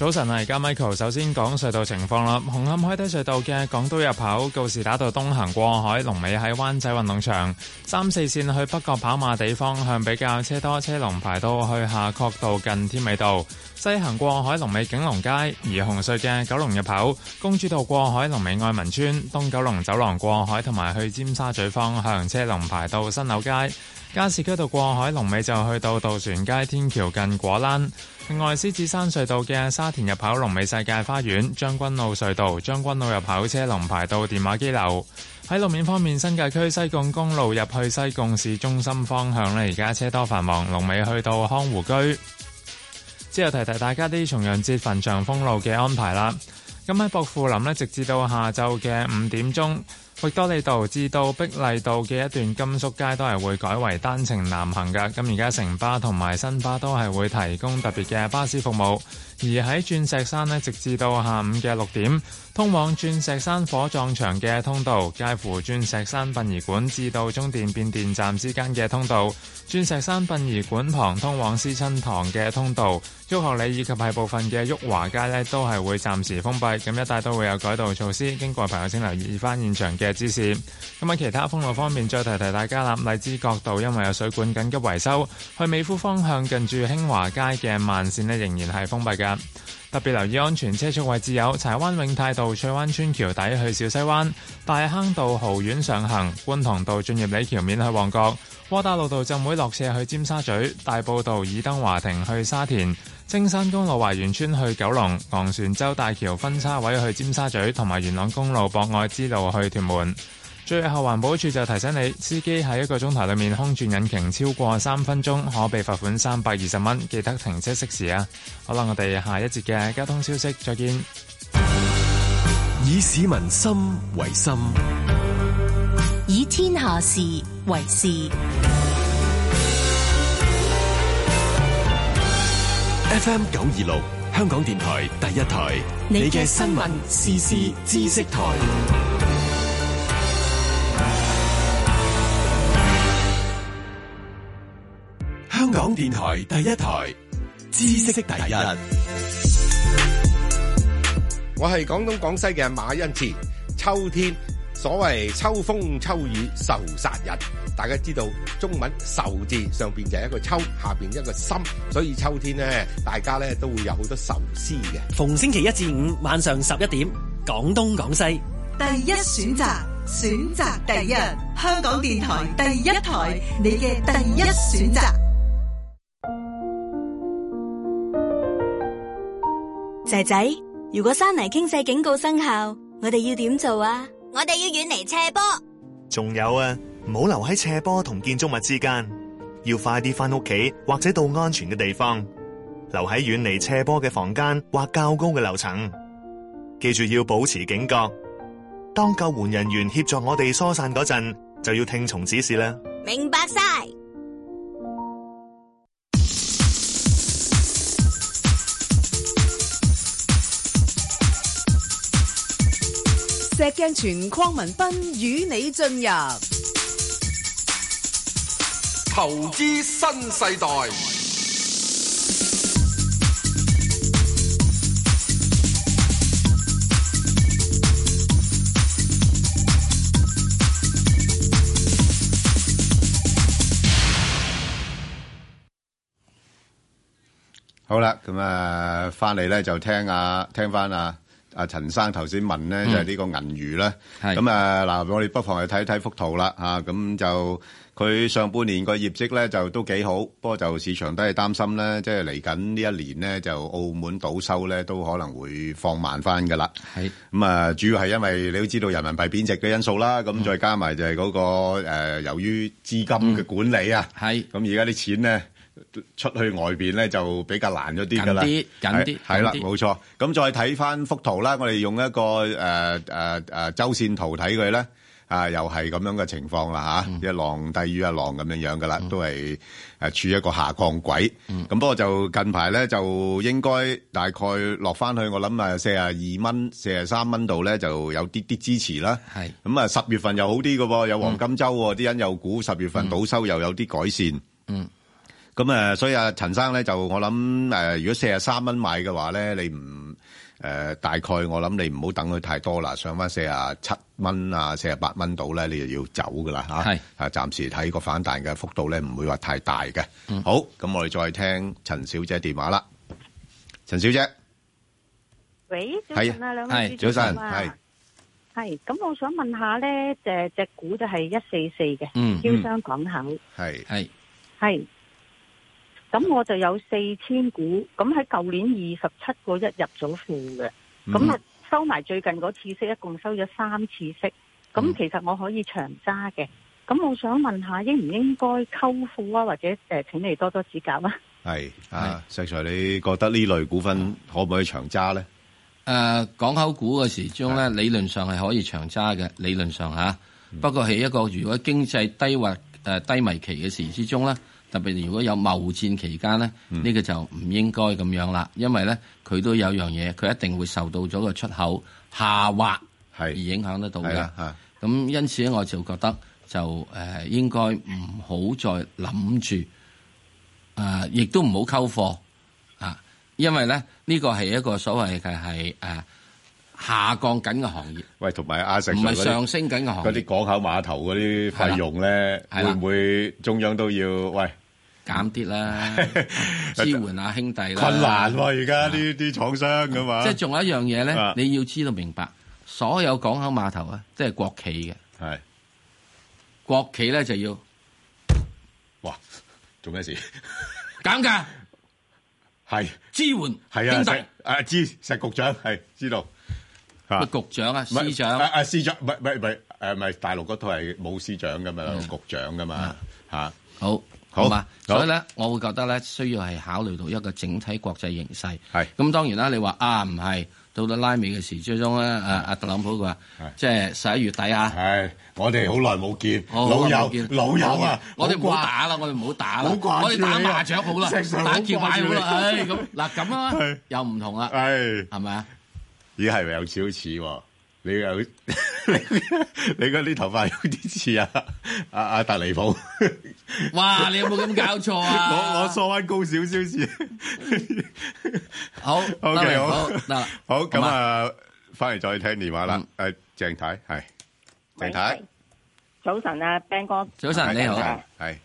早晨啊，而家 Michael 首先講隧道情況啦。紅磡海底隧道嘅港島入口告士打道東行過海，龍尾喺灣仔運動場；三四線去北角跑馬地方向比較車多車龍道，車龍排到去夏慤道近添美道。西行過海龍尾景隆街，而紅隧嘅九龍入口公主道過海龍尾愛民邨，東九龍走廊過海同埋去尖沙咀方向車龍排到新樓街。加士居道過海龍尾就去到渡船街天橋近果欄。另外，獅子山隧道嘅沙田入口、龍尾世界花園、將軍澳隧道、將軍澳入口車龍排到電話機樓。喺路面方面，新界區西貢公路入去西貢市中心方向呢，而家車多繁忙，龍尾去到康湖居。之後提提大家啲重陽節墳場封路嘅安排啦。咁喺薄扶林呢，直至到下晝嘅五點鐘。域多利道至到碧荔道嘅一段金粟街都係會改為單程南行噶，咁而家城巴同埋新巴都係會提供特別嘅巴士服務，而喺鑽石山呢，直至到下午嘅六點。通往鑽石山火葬場嘅通道，介乎鑽石山殯儀館至到中電變電站之間嘅通道，鑽石山殯儀館旁通往思親堂嘅通道，毓學里以及係部分嘅毓華街呢都係會暫時封閉，咁一帶都會有改道措施。經過朋友請留意翻現場嘅指示。咁喺其他封路方面，再提提大家，荔枝角道因為有水管緊急維修，去美孚方向近住興華街嘅慢線呢仍然係封閉嘅。特別留意安全車速位置，有柴灣永泰道翠灣村橋底去小西灣、大坑道豪苑上行、觀塘道進入李橋面去旺角、窩打老道浸會落斜去尖沙咀、大埔道爾登華庭去沙田、青山公路華園村去九龍、昂船洲大橋分叉位去尖沙咀同埋元朗公路博愛之路去屯門。最後，環保署就提醒你，司機喺一個鐘頭裏面空轉引擎超過三分鐘，可被罰款三百二十蚊。記得停車熄匙啊！好啦，我哋下一節嘅交通消息再見。以市民心為心，以天下事為事。F M 九二六，香港電台第一台，你嘅新聞時事知識台。電台第一台，知識第一。我係廣東廣西嘅馬恩志。秋天，所謂秋風秋雨愁殺人，大家知道中文愁字上邊就係一個秋，下邊一個心，所以秋天呢，大家呢都會有好多愁思嘅。逢星期一至五晚上十一點，廣東廣西第一選擇，選擇第一，香港電台第一台，你嘅第一選擇。仔仔，如果山泥傾瀉警告生效，我哋要點做啊？我哋要遠離斜坡，仲有啊，唔好留喺斜坡同建築物之間，要快啲翻屋企或者到安全嘅地方，留喺遠離斜坡嘅房間或較高嘅樓層。記住要保持警覺，當救援人員協助我哋疏散嗰陣，就要聽從指示啦。明白晒。石鏡泉鄺民彬與你進入投資新世代。好啦，咁啊，翻嚟咧就聽下，聽翻下。阿陳生頭先問咧，就係呢個銀娛咧，咁啊嗱，我哋不妨去睇一睇幅圖啦嚇。咁就佢上半年個業績咧，就都幾好，不過就市場都係擔心咧，即係嚟緊呢一年咧，就澳門賭收咧都可能會放慢翻噶啦。係咁啊，主要係因為你都知道人民幣貶值嘅因素啦，咁再加埋就係嗰個誒，由於資金嘅管理啊，係咁而家啲錢咧。出去外邊咧就比較難咗啲㗎啦，緊啲，緊啲，係啦，冇錯。咁再睇翻幅圖啦，我哋用一個誒誒誒週線圖睇佢咧，啊又係咁樣嘅情況啦嚇，一浪低於一浪咁樣樣㗎啦，都係誒處一個下降軌。咁不過就近排咧就應該大概落翻去，我諗啊四十二蚊、四十三蚊度咧就有啲啲支持啦。係咁啊，十月份又好啲嘅喎，有黃金週，啲人又估，十月份倒收又有啲改善。嗯。咁誒，所以啊，陳生咧就我諗誒，如果四啊三蚊買嘅話咧，你唔誒，大概我諗你唔好等佢太多啦，上翻四啊七蚊啊，四啊八蚊度咧，你就要走噶啦嚇。係啊，暫時睇個反彈嘅幅度咧，唔會話太大嘅。好，咁我哋再聽陳小姐電話啦。陳小姐，喂，早晨啊，兩位主持人啊，係。係咁，我想問下咧，誒隻股就係一四四嘅，招商港口係係係。咁我就有四千股，咁喺舊年二十七個一入咗貨嘅，咁啊收埋最近嗰次息，一共收咗三次息。咁其實我可以長揸嘅，咁我想問下，應唔應該溝貨啊？或者誒、呃，請你多多指教啊。係、啊，石 Sir，你覺得呢類股份可唔可以長揸呢？誒、啊，港口股嘅時鐘咧的，理論上係可以長揸嘅，理論上嚇。不過係一個如果經濟低或低迷期嘅時之中咧。特別如果有貿戰期間咧，呢、這個就唔應該咁樣啦，因為咧佢都有樣嘢，佢一定會受到咗個出口下滑而影響得到嘅。咁、啊啊、因此咧，我就覺得就誒應該唔好再諗住，亦、啊、都唔好溝貨啊，因為咧呢個係一個所謂嘅係、啊、下降緊嘅行業。喂，同埋阿唔係上升緊嘅行業，嗰啲港口碼頭嗰啲費用咧、啊啊、會唔會中央都要喂？減啲啦，支援下兄弟啦，困難而家呢啲廠商噶嘛。即係仲有一樣嘢咧，你要知道明白，所有港口碼頭啊，都係國企嘅。係國企咧就要，哇，做咩事？減噶，係支援經濟。誒，石局長係知道吓。局長啊，司長。誒誒，司長，唔係唔係唔係，誒唔係大陸嗰套係冇司長噶嘛，局長噶嘛吓。好。好嘛，所以咧，我會覺得咧，需要係考慮到一個整體國際形勢。係，咁當然啦，你話啊，唔係到咗拉美嘅時，最終咧，阿阿特朗普佢話，即係十一月底啊，係，我哋好耐冇見老友，老友啊！我哋唔好打啦，我哋唔好打啦，我哋打麻雀好啦，打橋牌好啦，咁嗱咁啊，又唔同啦，係，係咪啊？咦，係咪有少似喎？你又你你嗰啲頭髮有啲似啊？阿阿達尼普，哇！你有冇咁搞錯啊？我我梳翻高少少先。好，O K，好嗱，好咁啊，翻嚟再聽電話啦。誒，鄭太係鄭太，早晨啊，Ben 哥，早晨你好，係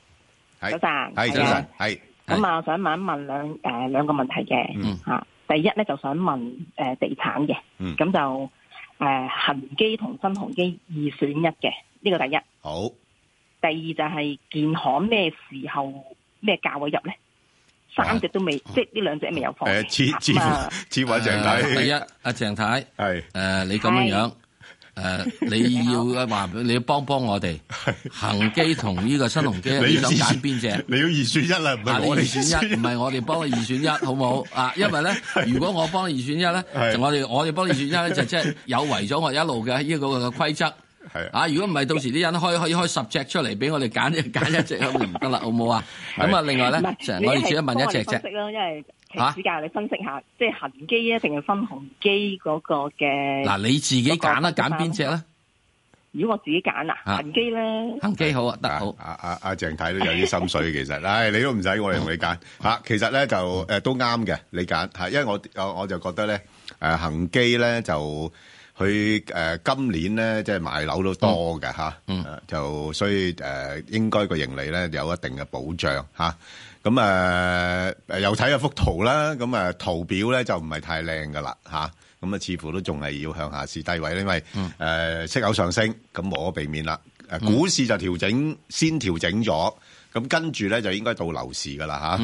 早晨，係早晨，係咁啊！我想問一問，兩誒兩個問題嘅嗯吓，第一咧就想問誒地產嘅，咁就。誒，恒基同新鴻基二選一嘅呢，這個第一。好，第二就係建行咩時候咩價位入咧？三隻都未，啊、即係呢兩隻未有放。誒、啊，切切位鄭太，第一阿鄭太係誒，你咁樣樣。誒，你要話你要幫幫我哋恆基同呢個新鴻基，你想揀邊隻？你要二選一啦，唔係我二選一，唔係我哋幫你二選一，好冇啊？因為咧，如果我幫你二選一咧，就我哋我哋幫你二選一，就即係有違咗我一路嘅呢個嘅規則。啊，如果唔係，到時啲人開可以開十隻出嚟俾我哋揀，就揀一隻咁就唔得啦，好冇啊？咁啊，另外咧，我哋自己問一隻啫。吓，時間你分析下，即係恒基啊，定係分紅基嗰個嘅？嗱，你自己揀啦，揀邊隻咧？如果我自己揀啊，恒基咧，恒基好啊，得好。阿阿阿鄭太都有啲心水，其實，唉，你都唔使我哋同你揀。吓，其實咧就誒都啱嘅，你揀吓，因為我我我就覺得咧，誒恒基咧就佢誒今年咧即係買樓都多嘅吓，嗯，就所以誒應該個盈利咧有一定嘅保障吓。咁誒、嗯、又睇下幅圖啦，咁誒圖表咧就唔係太靚噶啦嚇，咁啊似乎都仲係要向下試低位，因為誒息口上升，咁、嗯、無可避免啦。股市就調整，先調整咗，咁跟住咧就應該到樓市噶啦嚇，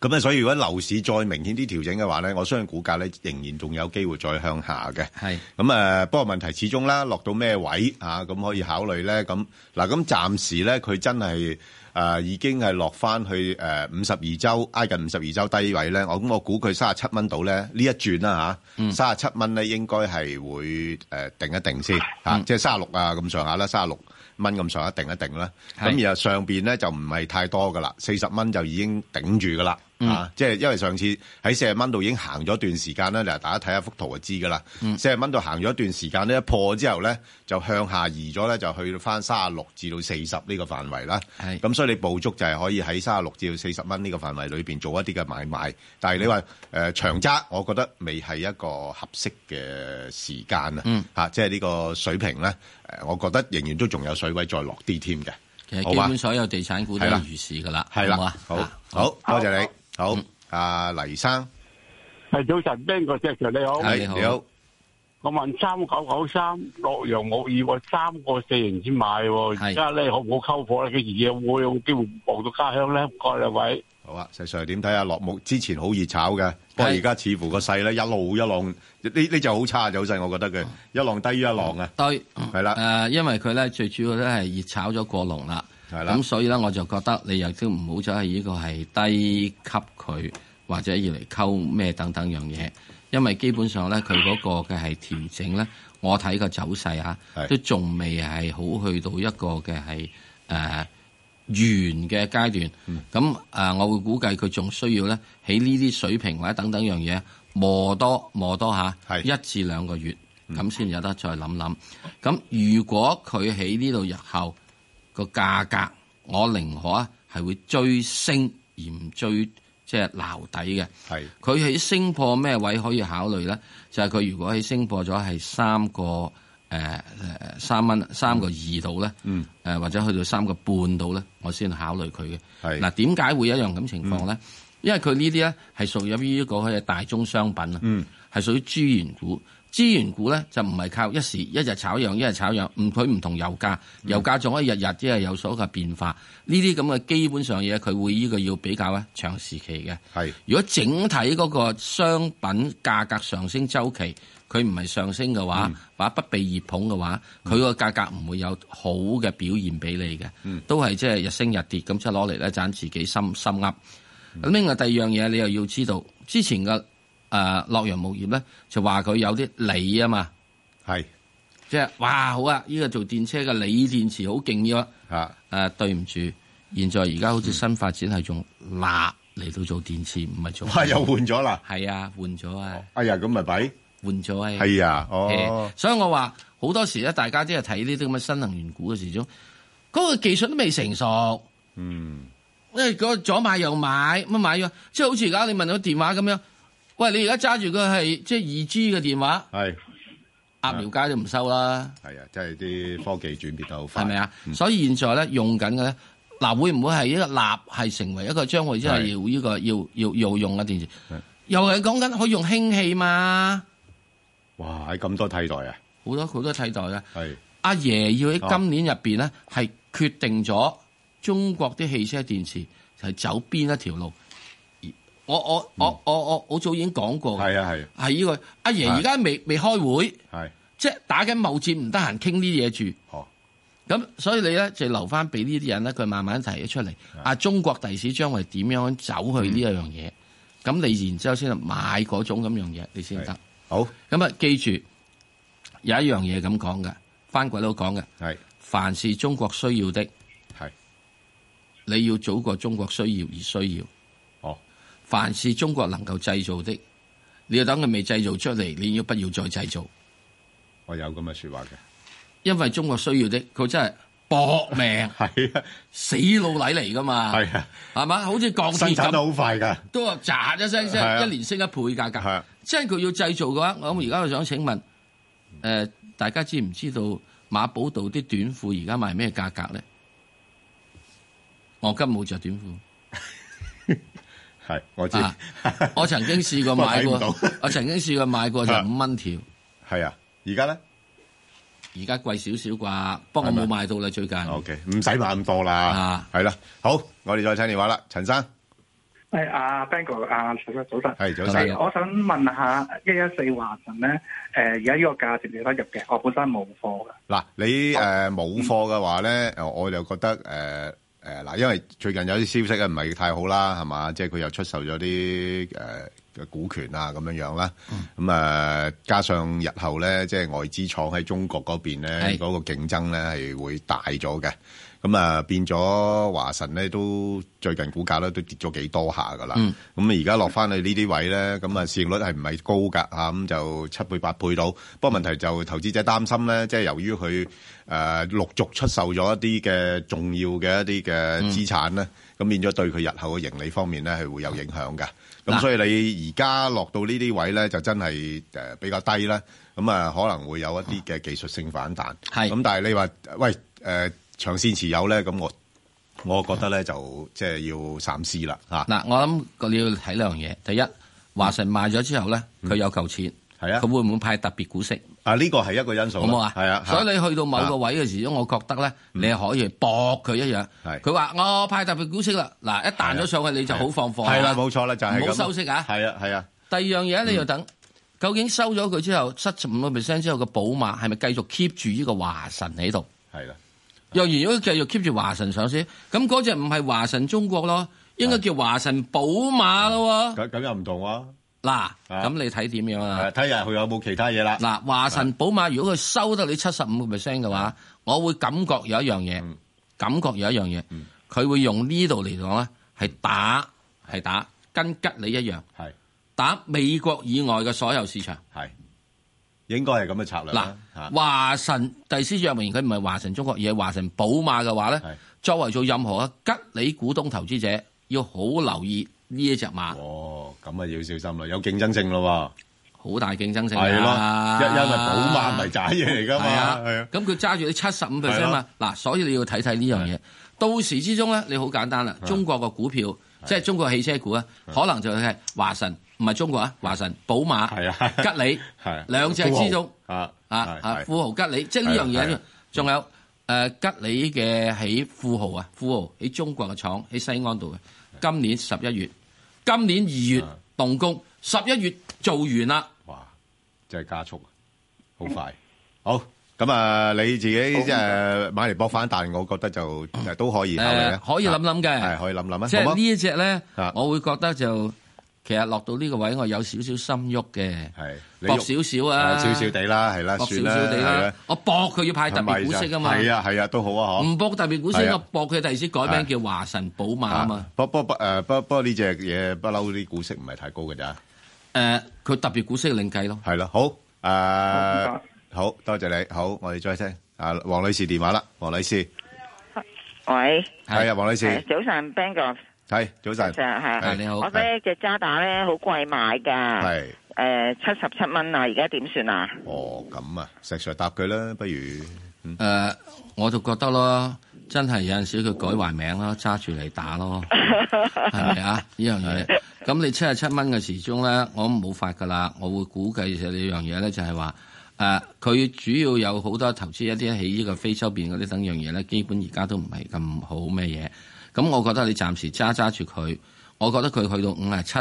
咁啊，嗯、所以如果樓市再明顯啲調整嘅話咧，我相信股價咧仍然仲有機會再向下嘅。咁誒是，不過問題始終啦，落到咩位啊？咁可以考慮咧。咁嗱，咁暫時咧，佢真係。誒、啊、已經係落翻去誒五十二周挨近五十二周低位咧，我咁我估佢三十七蚊到咧呢一轉啦、啊、嚇，三十七蚊咧應該係會誒、呃、定一定先、啊嗯、即係三十六啊咁上下啦，三十六蚊咁上下定一定啦，咁然後上邊咧就唔係太多噶啦，四十蚊就已經頂住噶啦。啊，即係、嗯、因為上次喺四十蚊度已經行咗段時間啦，嗱，大家睇下幅圖就知噶啦。四十蚊度行咗一段時間呢、嗯，一破之後咧就向下移咗咧，就去翻三十六至到四十呢個範圍啦。咁是所以你捕捉就係可以喺三十六至到四十蚊呢個範圍裏面做一啲嘅買賣。但係你話誒、嗯呃、長揸，我覺得未係一個合適嘅時間、嗯、啊。嚇，即係呢個水平咧，我覺得仍然都仲有水位再落啲添嘅。其實基本所有地產股都係如是噶啦。係嗎啦，好啊，好好多好好謝謝你。好，阿、嗯啊、黎生係早晨，邊個石 Sir 你好。你好，你好，我問三九九三洛陽鉬業，三個四人先買、啊，而是家咧可唔可溝貨咧？佢而家會有冇機會望到家鄉咧？各位，好啊，Sir 點睇啊？洛鉬之前好熱炒嘅，不過而家似乎個勢咧一浪一浪，呢呢就好差走勢，我覺得佢一浪低於一浪啊，對，係啦了，誒、呃，因為佢咧最主要都係熱炒咗過龍啦。咁所以咧，我就覺得你又都唔好走係呢個係低吸佢，或者要嚟溝咩等等樣嘢，因為基本上咧，佢嗰個嘅係調整咧，我睇個走勢吓、啊、的都仲未係好去到一個嘅係誒圓嘅階段。咁、嗯啊、我會估計佢仲需要咧喺呢啲水平或者等等樣嘢磨多磨多下，的一至兩個月，咁先、嗯、有得再諗諗。咁如果佢喺呢度日後。個價格，我寧可啊，係會追升而唔追即係撈底嘅。係佢喺升破咩位可以考慮咧？就係、是、佢如果喺升破咗係三個三蚊三個二度咧，呃嗯、或者去到三個半度咧，我先考慮佢嘅。係嗱是，點解、啊、會一樣咁情況咧？嗯、因為佢呢啲咧係屬於呢一個係大宗商品啊，係、嗯、屬於資源股。資源股咧就唔係靠一時一日炒樣一日炒樣，唔佢唔同油價，嗯、油價仲可以日日即係有所嘅變化。呢啲咁嘅基本上嘢，佢會呢個要比較咧長時期嘅。是如果整體嗰個商品價格上升週期，佢唔係上升嘅話，或者、嗯、不被熱捧嘅話，佢個價格唔會有好嘅表現俾你嘅，嗯、都係即係日升日跌，咁即係攞嚟咧賺自己心心噏。咁另外第二樣嘢，你又要知道之前嘅。誒，洛陽木業咧就話佢有啲鋰啊嘛，係是，即係哇好啊！呢、這個做電車嘅鋰電池好勁喎，嚇誒是、呃、對唔住，現在而家好似新發展係用鈉嚟到做電池，唔係做，係又換咗啦，係啊，換咗啊、哦，哎呀，咁咪弊，換咗係、啊，係啊，哦，啊、所以我話好多時咧，大家即係睇呢啲咁嘅新能源股嘅時鐘，嗰、那個技術都未成熟，嗯，因為嗰左買右買，乜買咗，即、就、係、是、好似而家你問到電話咁樣。喂，你而家揸住個係即係二 G 嘅電話，係鴨寮街都唔收啦。係啊，即係啲科技轉變得好快。係咪啊？所以現在咧用緊嘅咧，嗱，會唔會係一個立係成為一個將會即係要呢、這個、啊、要要要用嘅電池？是啊、又係講緊可以用氫氣嘛？哇！係咁多替代啊，好多好多替代啊。係阿爺要喺今年入邊咧，係決定咗中國啲汽車電池係、就是、走邊一條路。我我我我我我早已經講過，係啊係，係呢個阿爺而家未未開會，係即係打緊貿易戰唔得閒傾呢啲嘢住，哦，咁所以你咧就留翻俾呢啲人咧，佢慢慢提咗出嚟。中國第四將會點樣走去呢一樣嘢？咁你然之後先買嗰種咁樣嘢，你先得。好，咁啊，記住有一樣嘢咁講嘅，翻鬼佬講嘅係，凡是中國需要的係，你要早過中國需要而需要。凡是中國能夠製造的，你要等佢未製造出嚟，你要不要再製造？我有咁嘅說話嘅，因為中國需要的，佢真係搏命，係 啊，死老底嚟噶嘛，係 啊，係嘛，好似鋼鐵生產都好快噶，都話一聲聲，啊、一年升一倍價格，啊、即係佢要製造嘅話，我諗而家我想請問，誒、呃，大家知唔知道馬寶道啲短褲而家賣咩價格咧？我今冇着短褲。 係，我知。啊、 我曾經試過買過，我，我曾經試過買過就五蚊條。係啊，而家咧，而家貴少少啩，不過我冇買到啦最近。O K，唔使買咁多啦，係啦、啊啊，好，我哋再聽電話啦，陳生。係啊 b a n g e r 啊，早晨、啊，早晨，係早晨。啊、我想問一下一一四華晨咧，誒，而家呢個價錢點得入嘅？我本身冇貨噶。嗱、啊，你誒冇貨嘅話咧，我就覺得誒。呃誒嗱，因為最近有啲消息啊，唔係太好啦，係嘛？即係佢又出售咗啲誒股權啊，咁樣樣啦。咁啊、嗯嗯，加上日後咧，即係外資廠喺中國嗰邊咧，嗰是個競爭咧係會大咗嘅。咁啊，變咗華晨咧，都最近股價咧都跌咗幾多下噶啦。咁而家落翻去呢啲位咧，咁啊市盈率係唔係高㗎？咁就七倍、八倍到。嗯、不過問題就投資者擔心咧，即、就、係、是、由於佢誒、呃、陸續出售咗一啲嘅重要嘅一啲嘅資產咧，咁、嗯、變咗對佢日後嘅盈利方面咧係會有影響㗎。咁所以你而家落到呢啲位咧，就真係誒比較低啦。咁啊，可能會有一啲嘅技術性反彈。咁、嗯，但係你話喂誒？呃長線持有咧，咁我我覺得咧就即係要三思啦。嗱，我諗你要睇兩樣嘢。第一，華晨賣咗之後咧，佢有嚿錢，係啊，佢會唔會派特別股息啊？呢個係一個因素，好唔好啊？係啊。所以你去到某個位嘅時我覺得咧，你係可以搏佢一樣。佢話我派特別股息啦。嗱，一彈咗上去，你就好放放係啦，冇錯啦，就係唔好收息啊！係啊，係啊。第二樣嘢，你要等究竟收咗佢之後，七十五個 percent 之後嘅寶馬係咪繼續 keep 住呢個華晨喺度？係啦。若然如果繼續 keep 住華晨上市，咁嗰隻唔係華晨中國咯，應該叫華晨寶馬咯，咁咁又唔同喎、啊。嗱、啊，咁是你睇點樣啊？睇下佢有冇其他嘢啦。嗱、啊，華晨寶馬是如果佢收得你七十五個 percent 嘅話，我會感覺有一樣嘢，嗯、感覺有一樣嘢，佢會用呢度嚟講咧，係打係打，跟吉利一樣，係是打美國以外嘅所有市場。應該係咁嘅策略。嗱，華晨第四長明佢唔係華晨中國，而係華晨寶馬嘅話咧，作為做任何吉利股東投資者，要好留意呢一隻馬。哦，咁啊要小心啦，有競爭性咯喎。好大競爭性。係咯，因因為寶馬咪渣嘢，嚟噶嘛。係啊，咁佢揸住啲七十五 percent 嘛，嗱，所以你要睇睇呢樣嘢。到時之中咧，你好簡單啦，中國個股票，即係中國汽車股啊，可能就係華晨。唔係中國啊，華晨、寶馬、吉利，兩隻之中啊啊啊，富豪吉利，即係呢樣嘢。仲有誒吉利嘅，喺富豪啊，富豪喺中國嘅廠喺西安度嘅。今年十一月，今年二月動工，十一月做完啦。哇，即係加速啊，好快。好，咁啊，你自己即係買嚟博反彈，但我覺得就都可以考慮咧。可以諗諗嘅，可以諗諗啊。即係呢一隻咧，我會覺得就。其實落到呢個位，我有少少心喐嘅，搏少少啊，少少地啦，係啦，算啦，我搏佢要派特別股息啊嘛，係啊，係啊，都好啊，唔搏特別股息，我搏佢第二次改名叫華晨寶馬啊嘛，搏搏搏誒，不不過呢隻嘢不嬲啲股息唔係太高嘅咋，誒佢特別股息另計咯，係啦，好誒，好多謝你，好，我哋再聽啊，黃女士電話啦，黃女士，喂，係啊，黃女士，早上 Bankers。係，早晨，係，係你好。我咧隻渣打咧好貴買噶，係是，誒七十七蚊啊！而家點算啊？麼哦，咁啊，石 Sir 答佢啦，不如誒、嗯呃，我就覺得咯，真係有陣時佢改壞名啦，揸住嚟打咯，係咪 啊？ 這樣的呢樣嘢，咁你七十七蚊嘅時鐘咧，我冇發噶啦，我會估計其實呢樣嘢咧就係話，誒、呃，佢主要有好多投資一啲喺呢個非洲邊嗰啲等樣嘢咧，基本而家都唔係咁好咩嘢。咁我覺得你暫時揸揸住佢，我覺得佢去到五十七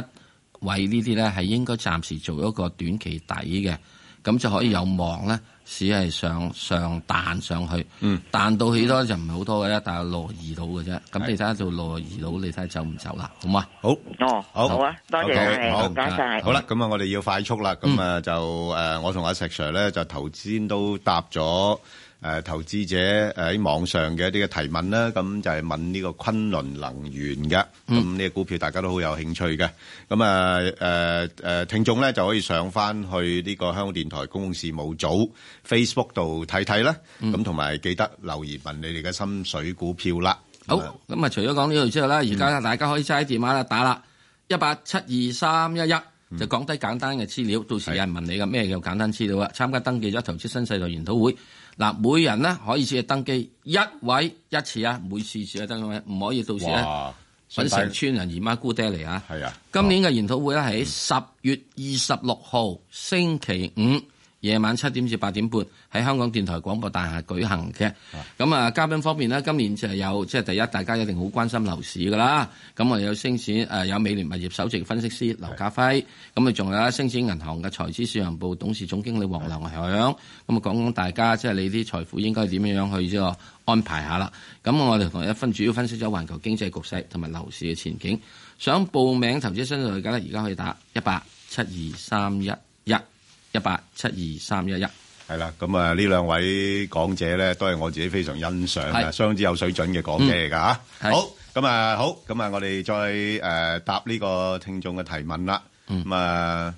位呢啲咧係應該暫時做一個短期底嘅，咁就可以有望咧市係上上彈上去，彈到起多就唔係好多嘅，但係落二度嘅啫。咁你睇下做落二度，你睇下走唔走啦，好嘛？好哦，好，好啊，多謝，多謝，唔該曬好啦，咁啊，我哋要快速啦，咁啊就誒，我同阿石 Sir 咧就頭先都答咗。誒投資者喺網上嘅一啲嘅提問啦，咁就係問呢個昆侖能源嘅咁呢個股票，大家都好有興趣嘅。咁啊誒誒，聽眾咧就可以上翻去呢個香港電台公共事務組 Facebook 度睇睇啦。咁同埋記得留言問你哋嘅心水股票啦。好咁啊，除咗講呢度之後啦，而家大家可以揸起電話啦，打啦一八七二三一一，就講低簡單嘅資料，到時有人問你嘅咩叫簡單資料啊？參加登記咗投資新世代研討會。嗱，每人呢可以只係登記一位一次啊，每次只係登一位，唔可以到時咧、啊、揾哇成村人姨媽姑爹嚟啊！係啊，今年嘅研討會咧喺十月二十六號星期五。夜晚七點至八點半喺香港電台廣播大廈舉行嘅。咁啊，嘉賓方面咧，今年就係有即係第一，大家一定好關心樓市噶啦。咁啊，有星展誒，有美聯物業首席分析師劉家輝，咁啊，仲有啦，星展銀行嘅財資市場部董事總經理黃良響，咁啊，講講大家即係你啲財富應該點樣樣去呢個安排下啦。咁我哋同一分主要分析咗環球經濟局勢同埋樓市嘅前景。想報名投資新世代嘅咧，而家可以打一八七二三一一。一八七二三一一，係啦，咁啊呢兩位講者咧，都係我自己非常欣賞嘅，相當是之有水準嘅講者嚟噶吓。好，咁啊好，咁啊我哋再誒答呢個聽眾嘅提問啦。咁啊、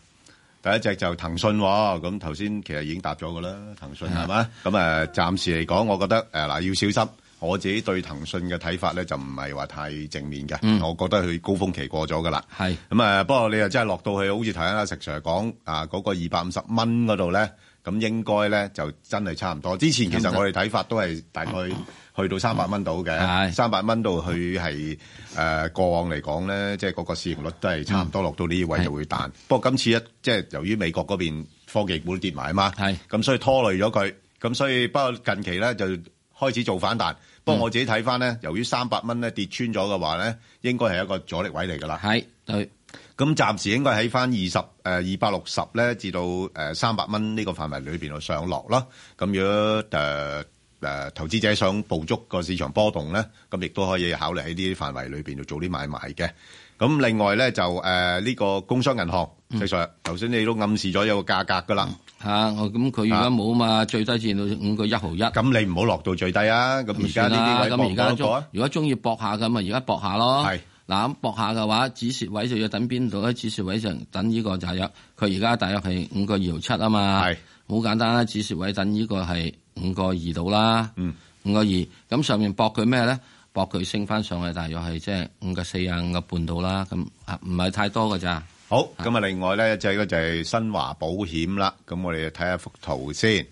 嗯、第一隻就騰訊，咁頭先其實已經答咗噶啦，騰訊係嘛，咁啊暫時嚟講，我覺得誒嗱、呃、要小心。我自己對騰訊嘅睇法咧就唔係話太正面嘅，我覺得佢高峯期過咗噶啦。係咁啊，不過你又真係落到去，好似頭先阿石 Sir 講啊，嗰個二百五十蚊嗰度咧，咁應該咧就真係差唔多。之前其實我哋睇法都係大概去到三百蚊到嘅，三百蚊度佢係誒過往嚟講咧，即係嗰個市盈率都係差唔多，落到呢位就會彈。不過今次咧即係由於美國嗰邊科技股跌埋啊嘛，係咁所以拖累咗佢，咁所以不過近期咧就開始做反彈。不過我自己睇翻咧，由於三百蚊咧跌穿咗嘅話咧，應該係一個阻力位嚟㗎啦。係，對。咁暫時應該喺翻二十誒二百六十咧，至到誒三百蚊呢個範圍裏邊度上落咯。咁如果誒誒投資者想捕捉個市場波動咧，咁亦都可以考慮喺呢啲範圍裏邊度做啲買賣嘅。咁另外咧就誒呢個工商銀行，即係頭先你都暗示咗有個價格㗎啦。咁佢而家冇啊，啊嘛，啊最低線到五個一毫一。咁你唔好落到最低啊！咁而家呢啲咁，而家如果中意搏下咁咪而家搏下咯。係嗱是，搏下嘅話，止蝕位就要等邊度？喺止蝕位上等呢個就係，有佢而家大約係五個二毫七啊嘛。係好是簡單啦，止蝕位等呢個係五個二度啦。嗯，五個二咁上面搏佢咩咧？搏佢升翻上去，大約係即係五個四啊五個半度啦。咁唔係太多嘅咋。好，咁啊，另外咧，嗰隻嘅就係新華保險啦。咁我哋睇下幅圖先。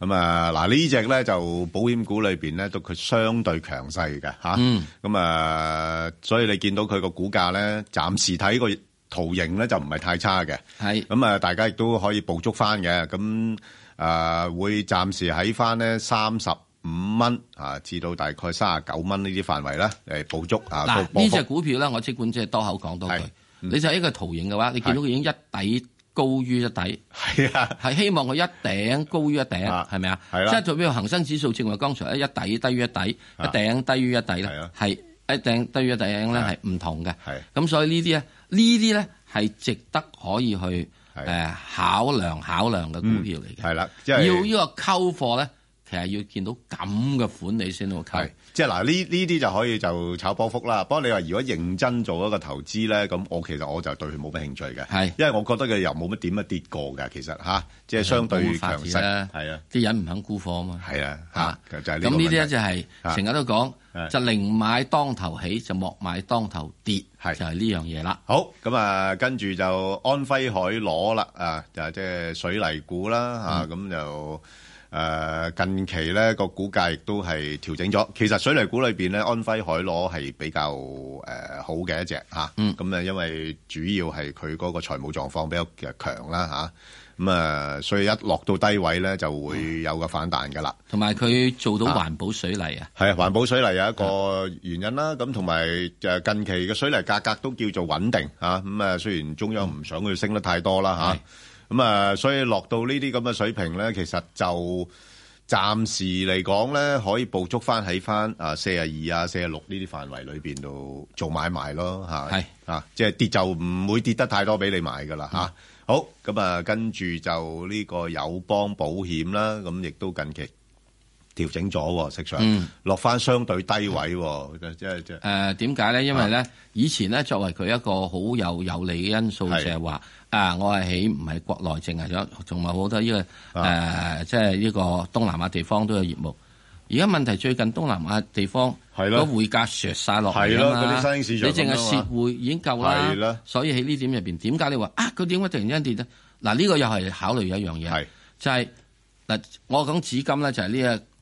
咁啊，嗱呢隻咧，就保險股裏邊咧，都佢相對強勢嘅吓。咁啊、嗯，所以你見到佢個股價咧，暫時睇個圖形咧，就唔係太差嘅。係咁啊，大家亦都可以捕捉翻嘅。咁啊、呃，會暫時喺翻咧三十五蚊啊，至到大概三十九蚊呢啲範圍啦。誒，捕捉。啊。嗱，呢隻股票咧，我即管即係多口講多句。你就係一個圖形嘅話，你見到佢已經一底高於一底，係啊，係希望佢一頂高於一頂，係咪啊？即係代表恒生指數正如剛才一底低於一底，一頂低於一底啦，係一頂低於一頂咧係唔同嘅。咁所以呢啲咧，呢啲咧係值得可以去誒考量考量嘅股票嚟嘅。係啦，要呢個溝貨咧。其實要見到咁嘅款你先會睇，即係嗱呢呢啲就可以就炒波幅啦。不過你話如果認真做一個投資咧，咁我其實我就對佢冇乜興趣嘅，係因為我覺得佢又冇乜點樣跌過嘅，其實吓，即係相對強勢係啊，啲人唔肯沽貨啊嘛，係啊嚇，就係咁呢啲咧就係成日都講就寧買當頭起，就莫買當頭跌，係就係呢樣嘢啦。好，咁啊，跟住就安徽海螺啦啊，就係即係水泥股啦嚇，咁就。誒近期咧個股價亦都係調整咗。其實水泥股裏邊，咧，安徽海螺係比較誒好嘅一隻嚇、嗯、咁誒因為主要係佢嗰個財務狀況比較強啦，嚇，咁誒所以一落到低位咧就會有個反彈㗎啦。同埋佢做到環保水泥啊，係啊，環保水泥有一個原因啦。咁同埋誒近期嘅水泥價格都叫做穩定嚇，咁誒雖然中央唔想佢升得太多啦嚇。咁啊、嗯，所以落到呢啲咁嘅水平咧，其實就暫時嚟講咧，可以捕捉翻喺翻啊四啊二啊四啊六呢啲範圍裏邊度做買賣咯吓，係啊，即係跌就唔會跌得太多俾你買噶啦吓，好，咁啊跟住就呢個友邦保險啦，咁、嗯、亦都近期。調整咗，食上、嗯、落翻相對低位，即係即係。誒點解咧？因為咧，以前咧作為佢一個好有有利嘅因素就是，就係話啊，我係喺唔係國內淨係咗，仲有好多呢、這個誒的、呃，即係呢個東南亞地方都有業務。而家問題最近東南亞地方的個匯價削晒落去，市場你淨係蝕匯已經夠啦，的所以喺呢點入面，點解你話啊？佢點解突然間跌咧？嗱、啊，呢、這個又係考慮一樣嘢的、就是啊，就係、是、嗱、這個，我講紙金咧，就係呢一。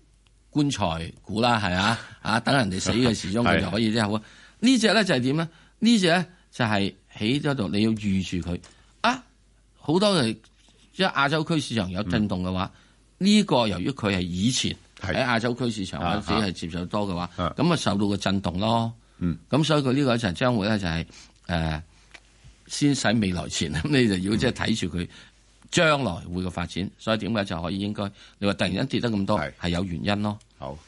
棺材股啦，係啊，啊等人哋死嘅時鐘佢就可以即係好喎。 是的 隻呢隻咧就係點咧？隻呢隻咧就係、是、起咗度你要預住佢啊！好多嘅、就是，即係亞洲區市場有震動嘅話，呢、嗯、個由於佢係以前喺是的 亞洲區市場或者係接受多嘅話，咁的啊就受到個震動咯。咁、嗯、所以佢呢個一、就、層、是、將會咧就係、是呃、先使未來錢，咁 你就要即係睇住佢。嗯嗯將來會個發展，所以點解就可以？應該你話突然間跌得咁多，係是有原因咯。好，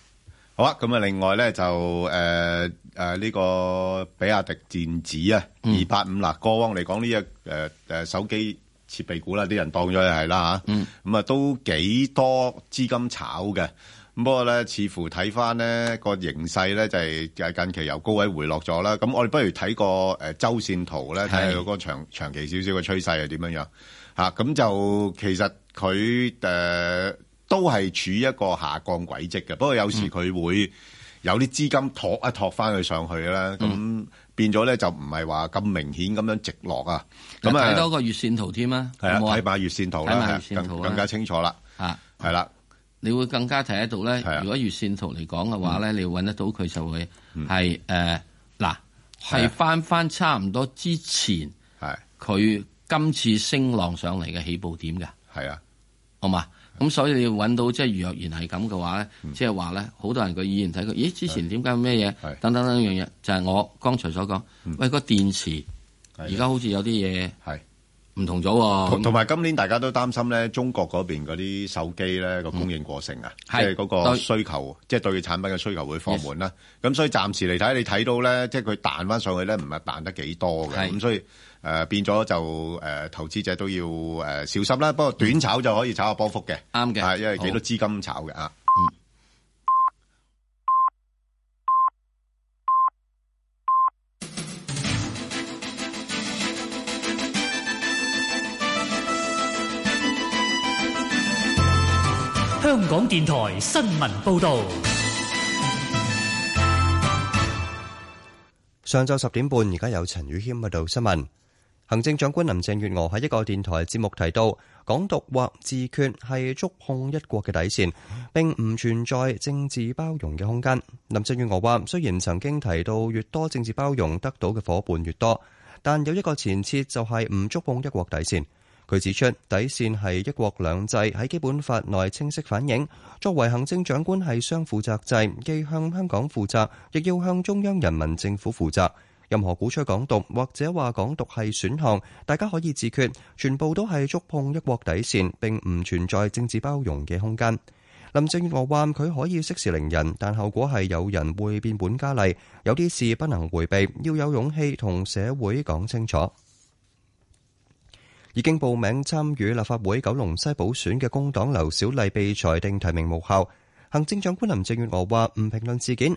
好啊。咁啊，另外咧就誒誒呢個比亞迪電子啊，二八五啦，過往，嚟講呢一誒誒手機設備股啦，啲人當咗又係啦吓，咁啊、嗯嗯、都幾多資金炒嘅。咁不過咧，似乎睇翻咧個形勢咧就係、是、近期由高位回落咗啦。咁我哋不如睇個誒、呃、周線圖咧，睇下個長是長期少少嘅趨勢係點樣樣。咁就其實佢誒都係處於一個下降軌跡嘅，不過有時佢會有啲資金托一托翻佢上去啦，咁變咗咧就唔係話咁明顯咁樣直落啊。咁啊睇多個月線圖添啊，係啊睇埋月線圖啦，更更加清楚啦。係啦，你會更加睇得到咧。如果月線圖嚟講嘅話咧，你搵得到佢就會係誒嗱係翻翻差唔多之前係佢。今次升浪上嚟嘅起步點㗎，係啊，好嘛？咁所以你要揾到即係若然係咁嘅話咧，即係話咧，好多人個意見睇佢，咦？之前點解咩嘢？等等等一樣嘢，就係我剛才所講，喂個電池而家好似有啲嘢係唔同咗喎。同埋今年大家都擔心咧，中國嗰邊嗰啲手機咧個供應過剩啊，即係嗰個需求，即係對產品嘅需求會放滿啦。咁所以暫時嚟睇，你睇到咧，即係佢彈翻上去咧，唔係彈得幾多嘅，咁所以。誒、呃、變咗就、呃、投資者都要、呃、小心啦。不過短炒就可以炒下波幅嘅，啱嘅、嗯，因為幾多資金炒嘅啊。好嗯、香港電台新聞報導，上晝十點半，而家有陳宇軒喺度新聞。行政長官林鄭月娥喺一個電台節目提到，港獨或自決係觸碰一國嘅底線，並唔存在政治包容嘅空間。林鄭月娥話，雖然曾經提到越多政治包容得到嘅伙伴越多，但有一個前設就係唔觸碰一國底線。佢指出，底線係一國兩制喺基本法內清晰反映。作為行政長官係雙負責制，既向香港負責，亦要向中央人民政府負責。任何鼓吹港獨或者話港獨係選項，大家可以自決，全部都係觸碰一國底線，並唔存在政治包容嘅空間。林鄭月娥話佢可以息事寧人，但後果係有人會變本加厲，有啲事不能回避，要有勇氣同社會講清楚。已經報名參與立法會九龍西補選嘅工黨劉小麗被裁定提名無效，行政長官林鄭月娥話唔評論事件。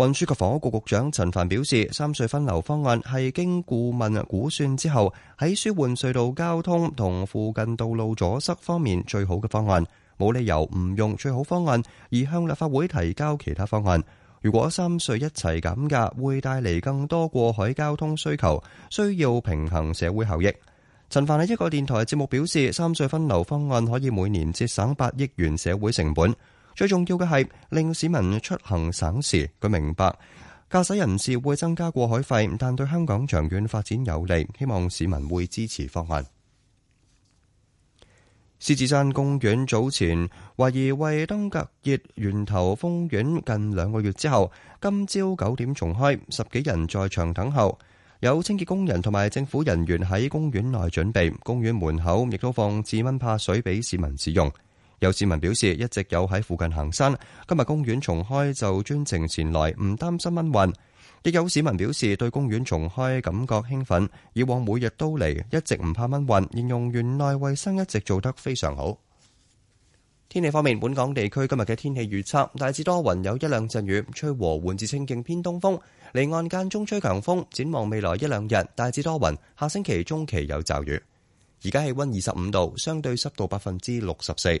運輸及房屋局局長陳帆表示，三隧分流方案係經顧問估算之後，喺舒緩隧道交通同附近道路阻塞方面最好嘅方案，冇理由唔用最好方案而向立法會提交其他方案。如果三隧一齊減價，會帶嚟更多過海交通需求，需要平衡社會效益。陳帆喺一個電台節目表示，三隧分流方案可以每年節省八億元社會成本。最重要嘅係令市民出行省時，佢明白駕駛人士會增加過海費，但對香港長遠發展有利，希望市民會支持方案。獅子山公園早前懷疑為登革熱源頭，封園近兩個月之後，今朝九點重開，十幾人在場等候，有清潔工人同埋政府人員喺公園內準備，公園門口亦都放置蚊怕水俾市民使用。有市民表示一直有喺附近行山，今日公園重開就專程前來，唔擔心蚊運。亦有市民表示對公園重開感覺興奮，以往每日都嚟，一直唔怕蚊運。形容園內衛生一直做得非常好。天氣方面，本港地區今日嘅天氣預測大致多雲，有一兩陣雨，吹和緩至清勁偏東風，離岸間中吹強風。展望未來一兩日，大致多雲，下星期中期有驟雨。而家氣溫二十五度，相對濕度百分之六十四。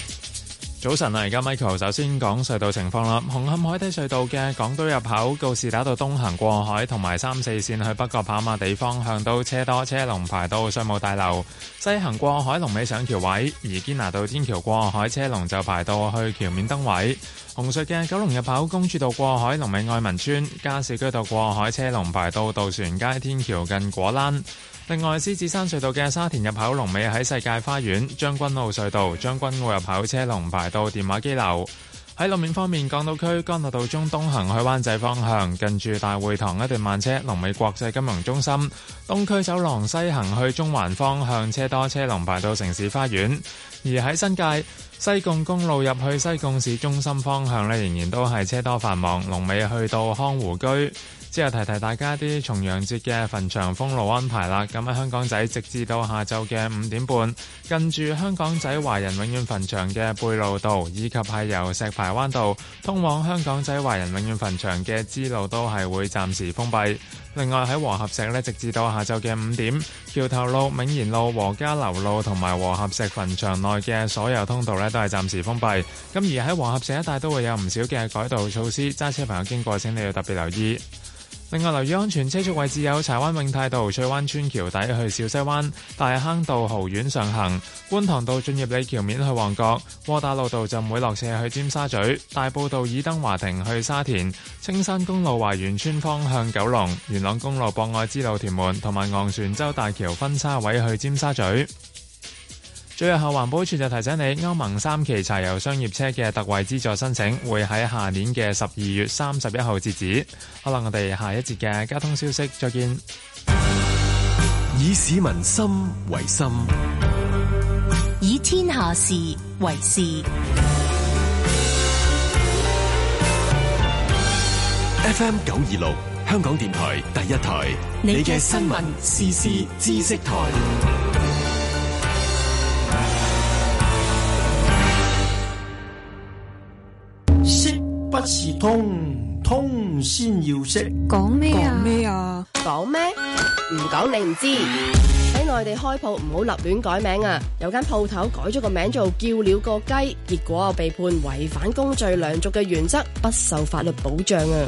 早晨啊！而家 Michael 首先講隧道情況啦。紅磡海底隧道嘅港島入口告士打道東行過海，同埋三四線去北角跑馬地方向都車多，車龍排到稅務大樓；西行過海龍尾上橋位，而堅拿道天橋過海車龍就排到去橋面燈位。紅隧嘅九龍入口公主道過海龍尾愛民村加士居道過海車龍排到渡船街天橋近果欄。另外，獅子山隧道嘅沙田入口龍尾喺世界花園，將軍澳隧道將軍澳入口車龍排到電話機樓。喺路面方面，港島區干諾道中東行去灣仔方向，近住大會堂一段慢車，龍尾國際金融中心。東區走廊西行去中環方向，車多車龍排到城市花園。而喺新界西貢公路入去西貢市中心方向呢，仍然都係車多繁忙，龍尾去到康湖居。之後提提大家啲重陽節嘅墳場封路安排啦。咁喺香港仔，直至到下晝嘅五點半，近住香港仔華人永遠墳場嘅貝璐道，以及係由石排灣道通往香港仔華人永遠墳場嘅支路，都係會暫時封閉。另外喺和合石呢，直至到下晝嘅五點，橋頭路、銘賢路、和家樓路同埋和合石墳場內嘅所有通道呢，都係暫時封閉。咁而喺和合石一帶都會有唔少嘅改道措施，揸車朋友經過請你要特別留意。另外，留意安全車速位置有柴灣永泰道翠灣村橋底去小西灣、大坑道豪苑上行、觀塘道駿業里橋面去旺角、窩打老道就唔會落車去尖沙咀、大埔道以登華庭去沙田、青山公路華園村方向九龍、元朗公路博愛支路屯門同埋昂船洲大橋分叉位去尖沙咀。最後，環保署就提醒你，歐盟三期柴油商業車嘅特惠資助申請會喺下年嘅十二月三十一號截止。好啦，我哋下一節嘅交通消息，再見。以市民心為心，以天下事為事。F M 九二六，香港電台第一台，你嘅新聞時事知識台。不似通，通先要識。講咩啊？咩啊？講咩？唔講你唔知。喺內地開鋪唔好立亂改名啊！有間鋪頭改咗個名做叫，叫了個雞，結果被判違反公序良俗嘅原則，不受法律保障啊！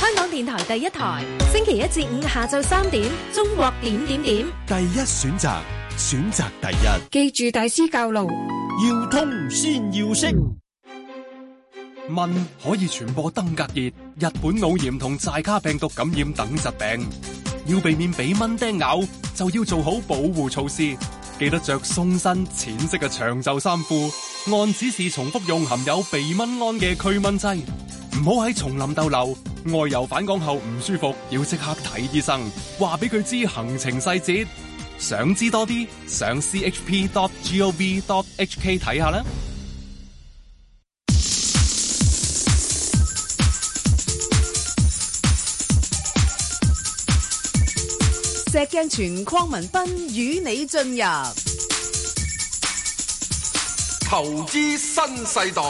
香港電台第一台，星期一至五下晝三點，中國點，點點點。第一選擇，選擇第一。記住大師教路，要通先要識。蚊可以傳播登革熱、日本腦炎同寨卡病毒感染等疾病。要避免被蚊叮咬，就要做好保護措施。記得着鬆身淺色嘅長袖衫褲。按指示重複用含有避蚊胺嘅驅蚊劑。唔好喺叢林逗留。外遊返港後唔舒服，要即刻睇醫生。話俾佢知行程細節。想知多啲，上 chp.gov.hk 睇下啦。石鏡泉鄺民彬與你進入投資新世代。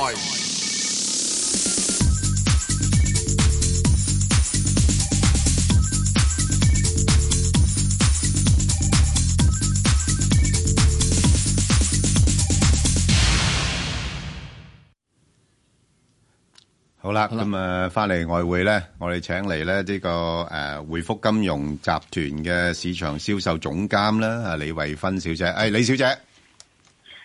好啦，咁啊，翻嚟外匯咧，我哋請嚟咧呢個誒匯豐金融集團嘅市場銷售總監啦，啊李慧芬小姐，誒李小姐，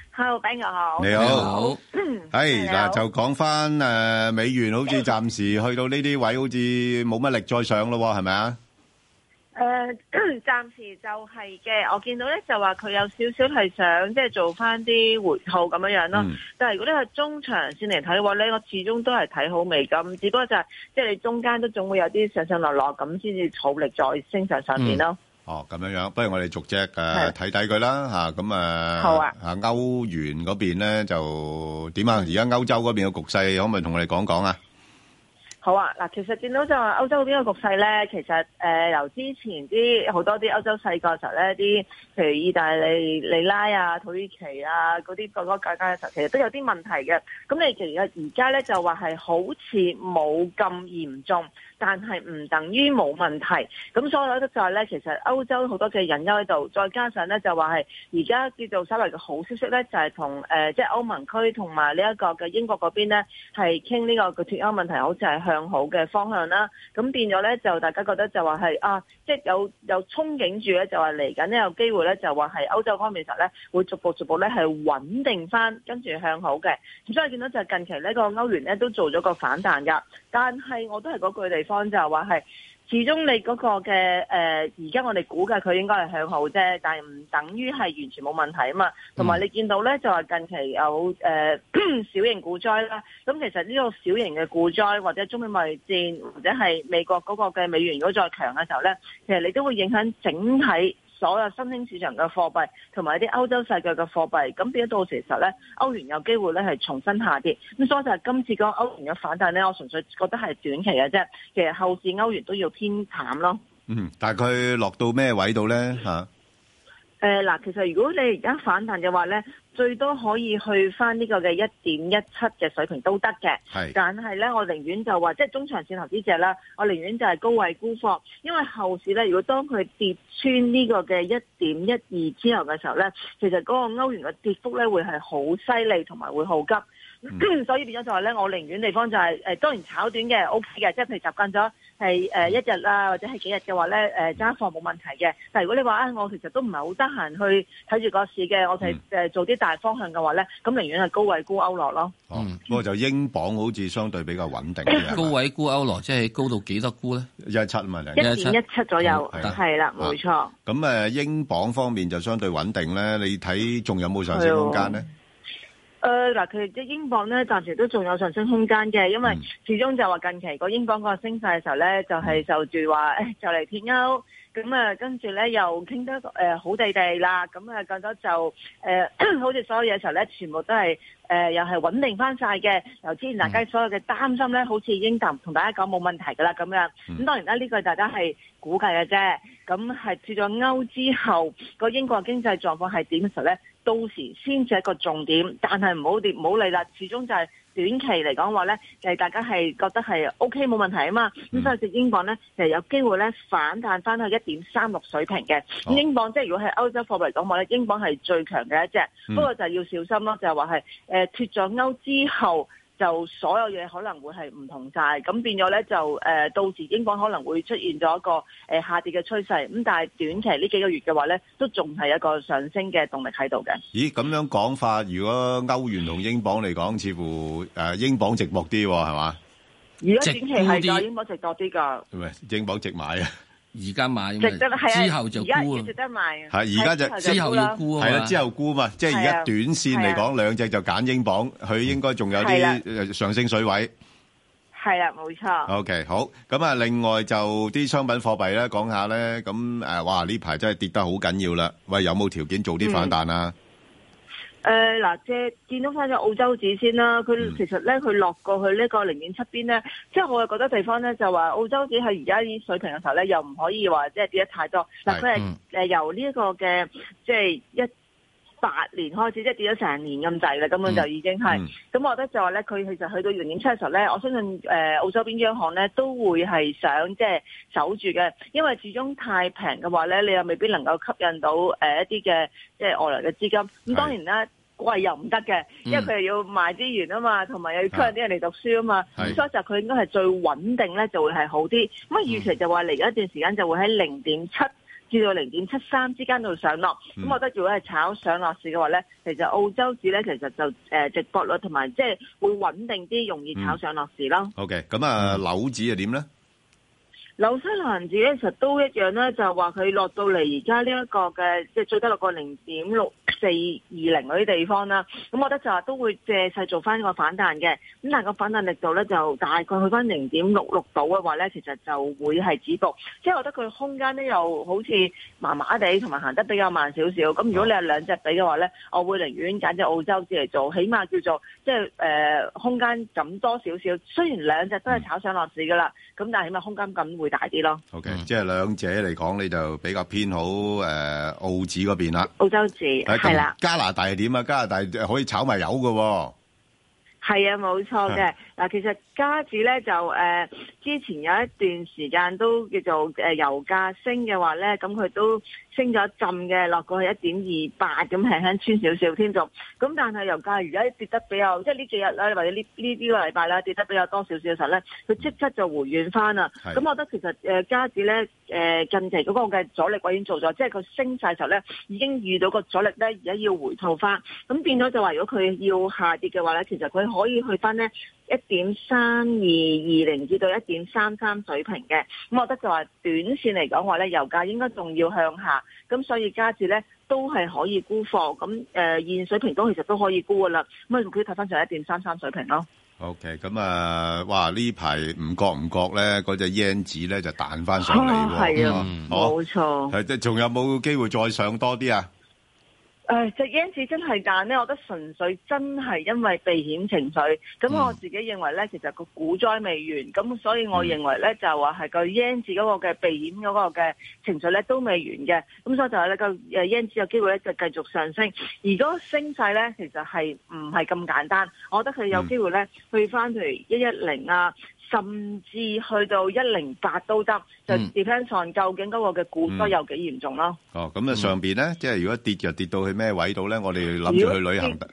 好，朋友好，你好，好，誒嗱，就講翻誒美元，好似暫時去到呢啲位，好似冇乜力再上咯，係咪啊？誒，暫時就係嘅，我見到咧就話佢有少少係想即係做翻啲回吐咁樣樣咯。嗯、但係如果你係中長線嚟睇嘅話咧，我始終都係睇好美金只不過就係、是、即係你中間都總會有啲上上落落咁，先至儲力在升上上面咯。嗯、哦，咁樣樣，不如我哋逐隻誒睇睇佢啦吓，咁啊，好的啊。啊，歐元嗰邊咧就點啊？而家歐洲嗰邊嘅局勢可唔可以同我哋講講啊？好啊，嗱，其實見到就話歐洲嗰邊個局勢咧，其實誒由之前啲好多啲歐洲細個時候咧，啲譬如意大利、里拉啊、土耳其啊嗰啲咁多國家嘅時候，其實都有啲問題嘅。咁你其實而家咧就話係好似冇咁嚴重。但係唔等於冇問題，咁所以有得就係咧，其實歐洲好多嘅隱憂喺度，再加上咧就話係而家叫做稍微嘅好消息咧，就係同誒即係歐盟區同埋呢一個嘅英國嗰邊咧，係傾呢個嘅脫歐問題，好似係向好嘅方向啦。咁變咗咧就大家覺得就話，是，係啊，即，就，係，是、有有憧憬住咧，就話嚟緊呢有機會咧就話係歐洲方面實咧會逐步逐步咧係穩定翻，跟住向好嘅。咁所以見到就近期呢個歐元咧都做咗個反彈噶，但係我都係嗰句方就係話係，始終你嗰個嘅誒，呃、而家我哋估計佢應該係向好啫，但係唔等於係完全冇問題啊嘛。同埋你見到咧，就係近期有誒、呃、小型股災啦。咁、嗯、其實呢個小型嘅股災，或者中美貿易戰，或者係美國嗰個嘅美元如果再強嘅時候咧，其實你都會影響整體。所有新興市場嘅貨幣同埋一啲歐洲世界嘅貨幣，咁變咗到其實咧歐元有機會咧係重新下跌，咁所以就係今次個歐元嘅反彈咧，我純粹覺得係短期嘅啫。其實後市歐元都要偏淡咯。嗯，但係佢落到咩位度咧嚇？啊誒嗱、呃，其實如果你而家反彈嘅話咧，最多可以去翻，呢個嘅一點一七嘅水平都得嘅。係是，但係咧，我寧願就話，即係中長線投資者啦，我寧願就係高位沽貨，因為後市咧，如果當佢跌穿呢個嘅一點一二之後嘅時候咧，其實嗰個歐元嘅跌幅咧會係好犀利同埋會好急，嗯、所以變咗就話咧，我寧願地方就係、是、誒、呃，當然炒短嘅 O K 嘅，即係譬如習慣咗。係誒、呃、一日啦、啊，或者係幾日嘅話咧，誒揸貨冇問題嘅。但係如果你話啊，我其實都唔係好得閒去睇住個市嘅，我哋誒、呃、做啲大方向嘅話咧，咁寧願係高位沽歐羅咯。哦、嗯，不過、嗯、就英鎊好似相對比較穩定的。嘅，高位沽歐羅，即係高到幾多估咧？一七嘛，一點一七左右，係啦、嗯，冇錯。咁誒，英鎊方面就相對穩定咧。你睇仲有冇上升空間咧？誒，嗱、呃，佢即英鎊咧，暫時都仲有上升空間嘅，因為始終就話近期個英鎊個升勢嘅時候咧，就係、是欸、就住話誒就嚟脱歐。咁、嗯、啊跟住咧又傾得誒、呃、好地地啦，咁、嗯、啊覺得就誒、呃、好似所有嘢時時候咧，全部都係誒、呃、又係穩定翻晒嘅，由之前大家所有嘅擔心咧，好似已經同大家講冇問題噶啦咁樣。咁、嗯、當然啦，呢、這個大家係估計嘅啫。咁係脫咗歐之後，個英國經經濟狀況係點嘅時候咧？到時先至係一個重點，但係唔好掂唔好理啦。始終就係短期嚟講話咧，就係大家係覺得係 O K 冇問題啊嘛。咁、嗯、所以，隻英鎊咧就係有機會咧反彈翻去一點三六水平嘅。英鎊即係如果係歐洲貨幣嚟講話咧，英鎊係最強嘅一隻，嗯、不過就係要小心咯，就係話係誒脫咗歐之後。就所有嘢可能會係唔同曬，咁變咗咧就誒、呃、到時英鎊可能會出現咗一個誒、呃、下跌嘅趨勢，咁但係短期呢幾個月嘅話咧，都仲係一個上升嘅動力喺度嘅。咦，咁樣講法，如果歐元同英鎊嚟講，似乎、呃、英鎊值博啲、哦，係嘛？如果短期係㗎，英鎊值博啲㗎。唔係英鎊值買啊！而家買，之後就沽啊！係而家就之後要沽，係啦，之後沽嘛，即係而家短線嚟講，兩隻就揀英鎊，佢應該仲有啲上升水位。係啦，冇錯。OK，好咁啊！另外就啲商品貨幣咧講下咧，咁誒，哇！呢排真係跌得好緊要啦，喂，有冇條件做啲反彈啊？誒嗱，即係、呃、見到翻咗澳洲指先啦，佢其實咧，佢落過去呢個零點七邊咧，即、就、係、是、我係覺得地方咧，就話澳洲指喺而家啲水平嘅時候咧，又唔可以話即係跌得太多。嗱是，佢係誒由呢一個嘅即係一八年開始即係跌咗成年咁滯啦，根本就已經係咁、嗯嗯，我覺得就話咧，佢其實去到零點七嘅時候咧，我相信誒、呃、澳洲邊央行咧都會係想即係、就是、守住嘅，因為始終太平嘅話咧，你又未必能夠吸引到、呃、一啲嘅即係外來嘅資金。咁、嗯、當然啦，是貴又唔得嘅，因為佢又要賣資源啊嘛，同埋又要吸引啲人嚟讀書啊嘛。啊所以就佢應該係最穩定咧，就會係好啲。咁預期就話嚟咗一段時間就會喺零點七。至到零點七三之間度上落，咁我覺得如果係炒上落市嘅話咧，其實澳洲指咧其實就誒、呃、值博率同埋即係會穩定啲，容易炒上落市咯。O K. 咁啊，樓、okay, 指、嗯、又點咧？紐西蘭紙咧其實都一樣咧，就話佢落到嚟而家呢一個嘅即係最低落個零點六四二零嗰啲地方啦。咁我覺得就話都會借勢做翻一個反彈嘅。咁但係個反彈力度咧就大概去翻零點六六度嘅話咧，其實就會係止步。即係我覺得佢空間呢又好似麻麻地，同埋行得比較慢少少。咁如果你有兩隻比嘅話咧，我會寧願揀隻澳洲紙嚟做，起碼叫做即係呃空間咁多少少。雖然兩隻都係炒上落市嘅啦，咁但係起碼空間咁會大啲咯，OK，即係兩者嚟講，你就比較偏好誒澳紙嗰邊啦。澳洲紙係啦，加拿大係點啊？加拿大可以炒埋油噶喎，係啊，冇錯嘅。嗱，其實加指咧就誒、呃，之前有一段時間都叫做、呃、油價升嘅話咧，咁佢都升咗一浸嘅，落過去一點二八，咁輕輕穿少少添。咁但係油價而家跌得比較，即係呢幾日啦，或者、這個、呢呢幾個禮拜啦，跌得比較多少少嘅時候咧，佢即刻就回軟翻啦。咁是我覺得其實、呃、家加指咧近期嗰個嘅阻力位已經做咗，即係佢升晒時候咧已經遇到個阻力咧，而家要回吐翻，咁變咗就話如果佢要下跌嘅話咧，其實佢可以去翻咧。一點三二二零至到一點三三水平嘅，咁我覺得就話短線嚟講話咧，油價應該仲要向下，咁所以加住咧都係可以沽貨，咁誒、呃、現水平都其實都可以沽噶啦，咁啊佢睇翻上一點三三水平咯。OK，咁、嗯那個、啊，哇呢排唔覺唔覺咧，嗰隻煙子咧就彈翻上嚟喎，係啊，冇錯、嗯。即仲錯、哦、有冇機會再上多啲啊？誒，隻 i a n c 真係賺呢，我覺得純粹真係因為避險情緒。咁我自己認為呢，其實個股災未完，咁所以我認為呢，就話係個 i a n c 嗰個嘅避險嗰個嘅情緒呢都未完嘅。咁所以就係呢個誒子 a n c 有機會呢就繼續上升。如果升晒呢，其實係唔係咁簡單。我覺得佢有機會呢，去翻譬如一一零啊。甚至去到一零八都得，就 depends on 究竟嗰個嘅股災有幾嚴重咯。嗯嗯。哦，咁啊上邊咧，嗯、即係如果跌就跌到去咩位度咧，我哋諗住去旅行。嗯嗯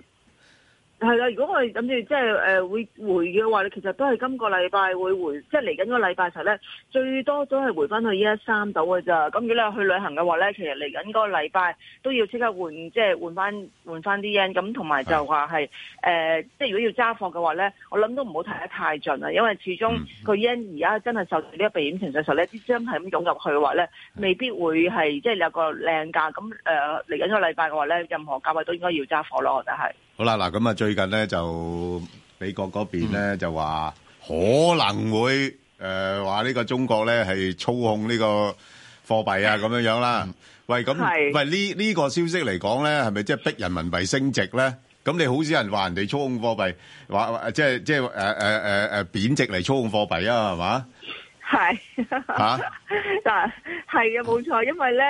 係啦，如果我諗住即係誒會回嘅話咧，其實都係今個禮拜會回，即係嚟緊個禮拜時咧，最多都係回翻去一三度嘅咋。咁如果你去旅行嘅話咧，其實嚟緊個禮拜都要即刻換，即係換翻換翻啲 yen。咁同埋就話係誒，即係、呃就是、如果要揸貨嘅話咧，我諗都唔好睇得太盡啦，因為始終個 yen 而家真係受呢個避險情勢實咧，啲真係咁湧入去嘅話咧，未必會係即係有個靚價。咁誒嚟緊個禮拜嘅話咧，任何價位都應該要揸貨咯，我覺得係。好啦，嗱咁啊，最近咧就美國嗰邊咧就話可能會誒話呢個中國咧係操控呢個貨幣啊咁樣樣啦。喂，咁喂呢呢個消息嚟講咧，係咪即係逼人民幣升值咧？咁你好少人話人哋操控貨幣，話即係即係誒誒誒誒貶值嚟操控貨幣啊？係嘛？係吓嗱，係嘅冇錯，因為咧。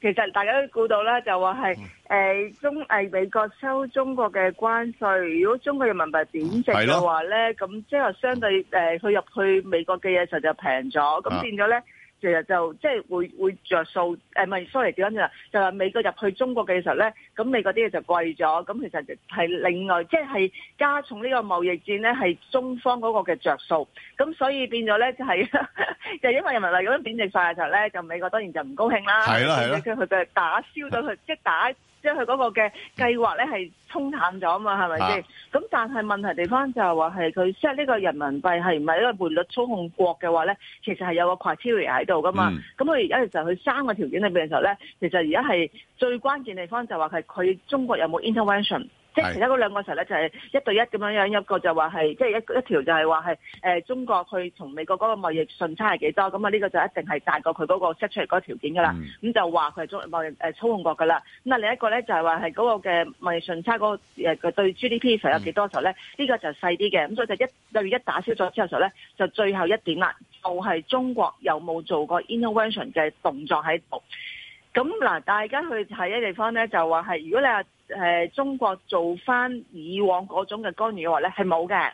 其實大家都估到啦，就話係誒中，誒美國收中國嘅關稅，如果中國人民幣貶值嘅話咧，咁的即係話相對誒佢入去美國嘅嘢就就平咗，咁變咗咧。啊其實就即係會會著數，誒唔係，sorry，點講就係美國入去中國嘅時候咧，咁美國啲嘢就貴咗，咁其實係另外即係係加重呢個貿易戰咧，係中方嗰個嘅著數，咁所以變咗咧就係係 就因為人民幣咁樣貶值晒嘅時候咧，就美國當然就唔高興啦，所啦佢就嘅打消咗佢即係打。即係佢嗰個嘅計劃咧，係沖淡咗啊嘛，係咪先？咁但係問題的地方就係話係佢即係呢個人民幣係唔係一個匯率操控國嘅話咧，其實係有個 criteria 喺度㗎嘛。咁佢而家嘅時候，佢三個條件裏邊嘅時候咧，其實而家係最關鍵的地方就話係佢中國有冇 intervention。即係是其他嗰兩個時候咧，就係一對一咁樣樣，一個就話、是、係，即係一一條就係話係，誒、呃、中國佢同美國嗰個貿易順差係幾多少，咁啊呢個就一定係大過佢嗰、那個 set 出嚟嗰個條件㗎啦。咁、嗯、就話佢係中貿易誒、呃、操控國㗎啦。咁啊另一個咧就係話係嗰個嘅貿易順差嗰個誒對 GDP 成有幾多時候咧，呢、嗯、個就細啲嘅。咁所以就一例如一打消咗之後時候咧，就最後一點啦，就係、是、中國有冇做過 intervention 嘅動作喺度。咁嗱，大家去睇一地方咧，就話係如果你話。誒中國做翻以往嗰種嘅干預嘅話咧，係冇嘅。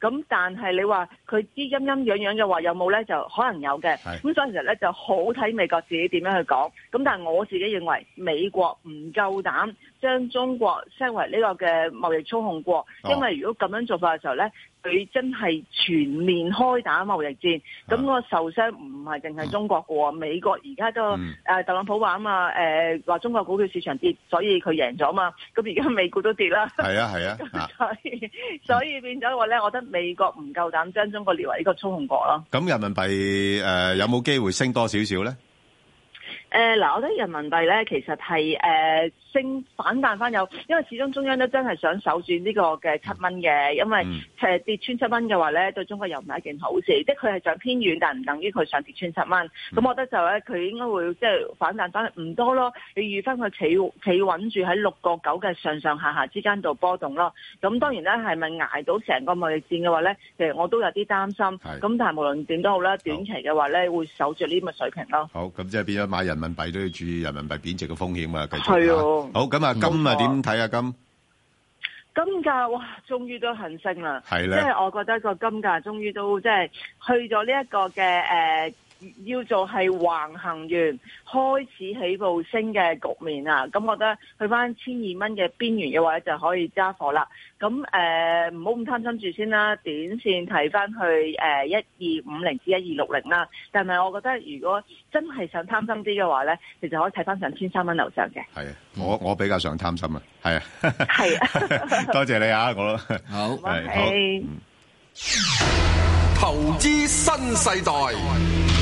咁但係你音音樣樣話佢知陰陰陽陽嘅話有冇咧，就可能有嘅。咁是所以其實咧就好睇美國自己點樣去講。咁但係我自己認為美國唔夠膽將中國升為呢個嘅貿易操控國，哦、因為如果咁樣做法嘅時候咧。佢真係全面開打貿易戰，咁個、啊、受傷唔係淨係中國個喎，嗯、美國而家都誒、嗯啊、特朗普話啊嘛，誒、呃、話中國股票市場跌，所以佢贏咗嘛，咁而家美股都跌啦。係啊係啊，所以變咗話咧，我覺得美國唔夠膽將中國列為呢個操控國咯。咁、啊、人民幣誒、呃、有冇機會升多少少咧？誒嗱、呃，我覺得人民幣咧其實係誒。呃升反彈翻有，因為始終中央都真係想守住呢個嘅七蚊嘅，因為誒跌穿七蚊嘅話咧，對中國又唔係一件好事。即係佢係想偏遠，但唔等於佢上跌穿七蚊。咁、嗯、我覺得就咧，佢應該會即係、就是、反彈翻唔多咯。你預翻佢企企穩住喺六個九嘅上上下下之間度波動咯。咁當然咧，係咪捱到成個貿易戰嘅話咧，其實我都有啲擔心。咁是但係無論點都好啦，短期嘅話咧，會守住呢個水平咯。好，咁即係變咗買人民幣都要注意人民幣貶值嘅風險啊！繼續。係啊。好，咁啊金啊點睇啊金？金價哇，終於都肯升啦！即係呢我覺得金個金價終於都即係去咗呢一個嘅誒。呃要做係橫行完開始起步升嘅局面啊！咁我覺得去翻，千二蚊嘅邊緣嘅話咧，就可以揸貨啦。咁誒唔好咁貪心住先啦，短線睇翻去誒一二五零至一二六零啦。但係我覺得如果真係想貪心啲嘅話咧，其實可以睇翻上千三蚊樓上嘅。係啊，我我比較想貪心啊，係啊，係啊，多謝你啊，我好，好，好，投資新世代。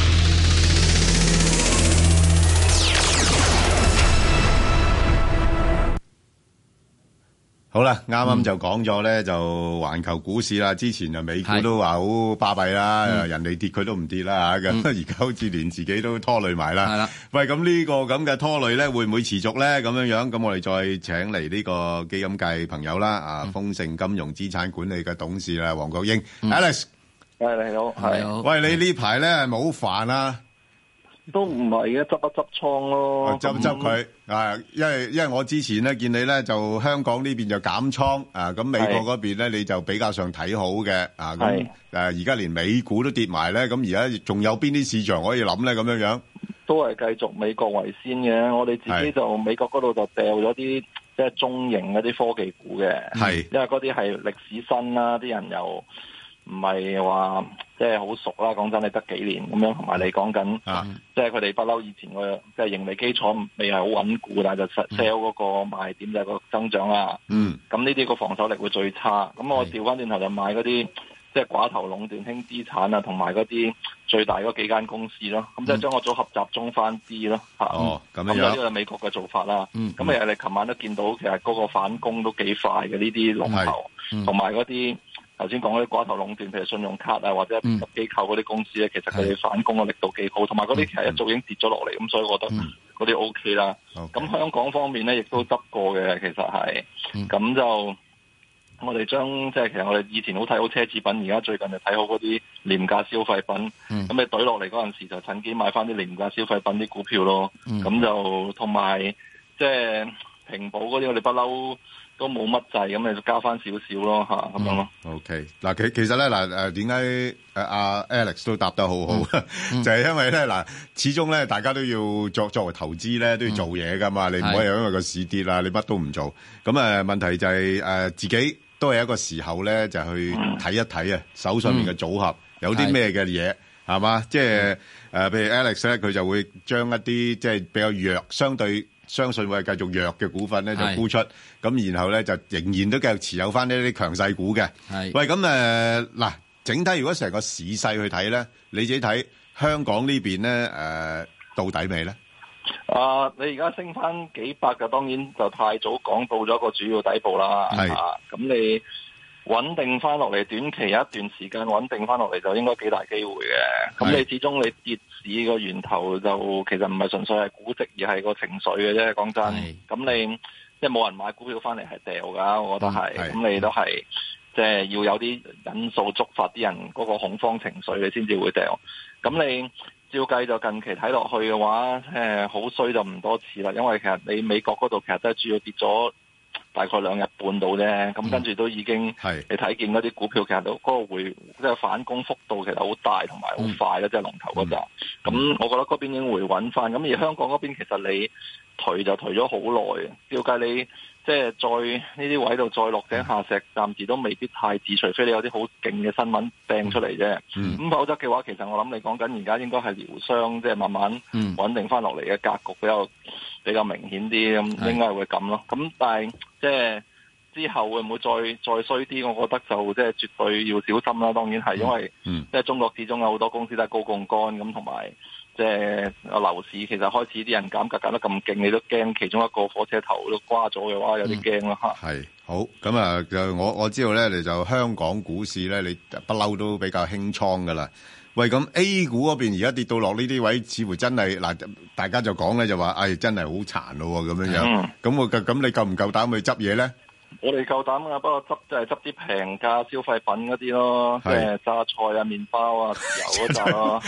好啦，啱啱就講咗咧，就環球股市啦。嗯、之前美股都話好巴閉啦，人哋跌佢都唔跌啦吓。咁而家好似連自己都拖累埋啦。係啦的，喂，咁呢個咁嘅拖累咧，會唔會持續咧？咁樣樣，咁我哋再請嚟呢個基金界朋友啦，嗯、啊，豐盛金融資產管理嘅董事啦，黃國英，Alex，喂，你好，係，喂，你呢排咧冇煩啊？都唔係嘅，執一執倉咯，執執佢啊。那嗯、因為因為我之前咧見你咧就香港呢邊就減倉啊，咁美國嗰邊咧你就比較上睇好嘅啊，係誒而家連美股都跌埋咧，咁而家仲有邊啲市場可以諗咧咁樣樣？都係繼續美國為先嘅，我哋自己就是美國嗰度就掉咗啲即係中型嗰啲科技股嘅，係是因為嗰啲係歷史新啦，啲人又。唔係話即係好熟啦，講真你得幾年咁樣，同埋你講緊，即係佢哋不嬲以前嘅即係盈利基礎未係好穩固，但係就 sell 嗰個賣點就係個增長啦。嗯，咁呢啲個防守力會最差。咁我調翻轉頭就買嗰啲即係寡頭壟斷輕資產啊，同埋嗰啲最大嗰幾間公司咯。咁即係將個組合集中翻啲咯。哦，咁樣咁就呢個係美國嘅做法啦。咁咁又你琴晚都見到其實嗰個反攻都幾快嘅呢啲龍頭，同埋嗰啲。頭先講嗰啲寡頭壟斷，譬如信用卡啊或者一啲機構嗰啲公司咧，嗯、其實佢哋反攻嘅力度幾好，同埋嗰啲其實一早已經跌咗落嚟，咁、嗯、所以我覺得嗰啲 O K 啦。咁、嗯、香港方面咧，亦都得過嘅，其實係，咁、嗯、就我哋將即係其實我哋以前好睇好奢侈品，而家最近就睇好嗰啲廉價消費品。咁、嗯、你對落嚟嗰陣時，就趁機買翻啲廉價消費品啲股票咯。咁、嗯、就同埋即係平保嗰啲，我哋不嬲。都冇乜滯咁，你加翻少少咯嚇，咁樣咯。是是 OK，嗱其其實咧嗱誒點解阿 Alex 都答得好好，嗯、 就係因為咧嗱，始終咧大家都要作作為投資咧都要做嘢噶嘛，嗯、你唔可以因為個市跌啦，的你乜都唔做。咁誒問題就係、是、誒自己都係一個時候咧，就去睇一睇啊，手上面嘅組合有啲咩嘅嘢係嘛，即係誒譬如 Alex 咧，佢就會將一啲即係比較弱、相對。相信會係繼續弱嘅股份咧就沽出，咁然後咧就仍然都繼續持有翻呢啲強勢股嘅。係喂，咁誒嗱，整體如果成個市勢去睇咧，你自己睇香港呢邊咧誒到底未咧？啊！你而家升翻幾百嘅，當然就太早講到咗個主要底部啦。係啊，咁你。穩定翻落嚟，短期有一段時間穩定翻落嚟就應該幾大機會嘅。咁是你始終你跌市個源頭就其實唔係純粹係估值，而係個情緒嘅啫。講真，咁是你即係冇人買股票翻嚟係掉㗎，我覺得係。咁你都係即係要有啲因素觸發啲人嗰個恐慌情緒嘅先至會掉。咁你照計就近期睇落去嘅話，誒好衰就唔多似啦，因為其實你美國嗰度其實都係主要跌咗。大概兩日半到啫，咁跟住都已經你睇見嗰啲股票，其實都嗰個回即係是反攻幅度其實好大，同埋好快即係龍頭嗰度，咁、嗯、我覺得嗰邊已經回穩翻。咁而香港嗰邊其實你退就退咗好耐啊，要計你。即係再呢啲位度再落井下石，暫時都未必太止，除非你有啲好勁嘅新聞掟出嚟啫。咁、嗯、否則嘅話，其實我諗你講緊而家應該係療傷，即係慢慢穩定翻落嚟嘅格局比較比較明顯啲，咁、嗯嗯、應該係會咁咯。咁是的 但係即係之後會唔會再再衰啲？我覺得就即係絕對要小心啦。當然係，因為、嗯嗯、即係中國始終有好多公司都係高槓桿咁，同埋。即係樓市，其實開始啲人減價減得咁勁，你都驚，其中一個火車頭都瓜咗嘅話，有啲驚啦吓。係好咁啊！就我我知道咧，你就香港股市咧，你不嬲都比較輕倉噶啦。喂，咁 A 股嗰邊而家跌到落呢啲位，似乎真係嗱，大家就講咧就話，哎，真係好殘咯咁樣樣。咁我咁你夠唔夠膽去執嘢咧？我哋夠膽噶、啊，不過執就係執啲平價消費品嗰啲咯，即係榨菜啊、麵包啊、油嗰扎咯，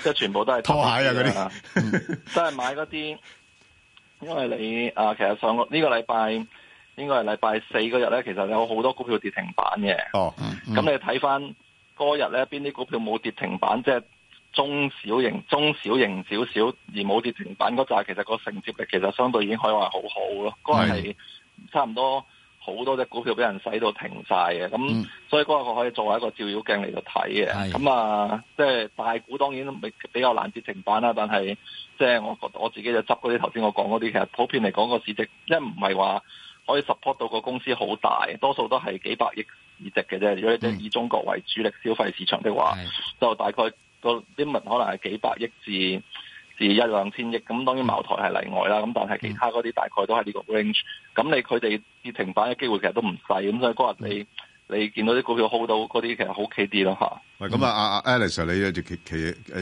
即係全部都係拖鞋啊嗰啲，那些 都係買嗰啲。因為你啊，其實上個呢、這個禮拜應該係禮拜四嗰日咧，其實你有好多股票跌停板嘅。哦，咁、嗯、你睇翻嗰日咧，邊啲股票冇跌停板，即係中小型、中小型少少而冇跌停板嗰扎，其實個承接力其實相對已經可以話好好咯。嗰日係是差唔多。好多隻股票俾人洗到停晒嘅，咁、嗯、所以嗰日我可以作為一個照妖鏡嚟到睇嘅。咁是啊，即係大股當然比較難跌停板啦，但係即係我我自己就執嗰啲頭先我講嗰啲，其實普遍嚟講個市值，即係唔係話可以 support 到個公司好大，多數都係幾百億市值嘅啫。如果你以中國為主力消費市場的話，是就大概個啲文可能係幾百億至至一兩千億，咁當然茅台係例外啦。咁但係其他嗰啲大概都係呢個 range。咁你佢哋跌停板嘅機會其實都唔細。咁所以嗰日你你見到啲股票 hold 到嗰啲，其實好企啲咯嚇。唔係咁啊，阿 Alex，你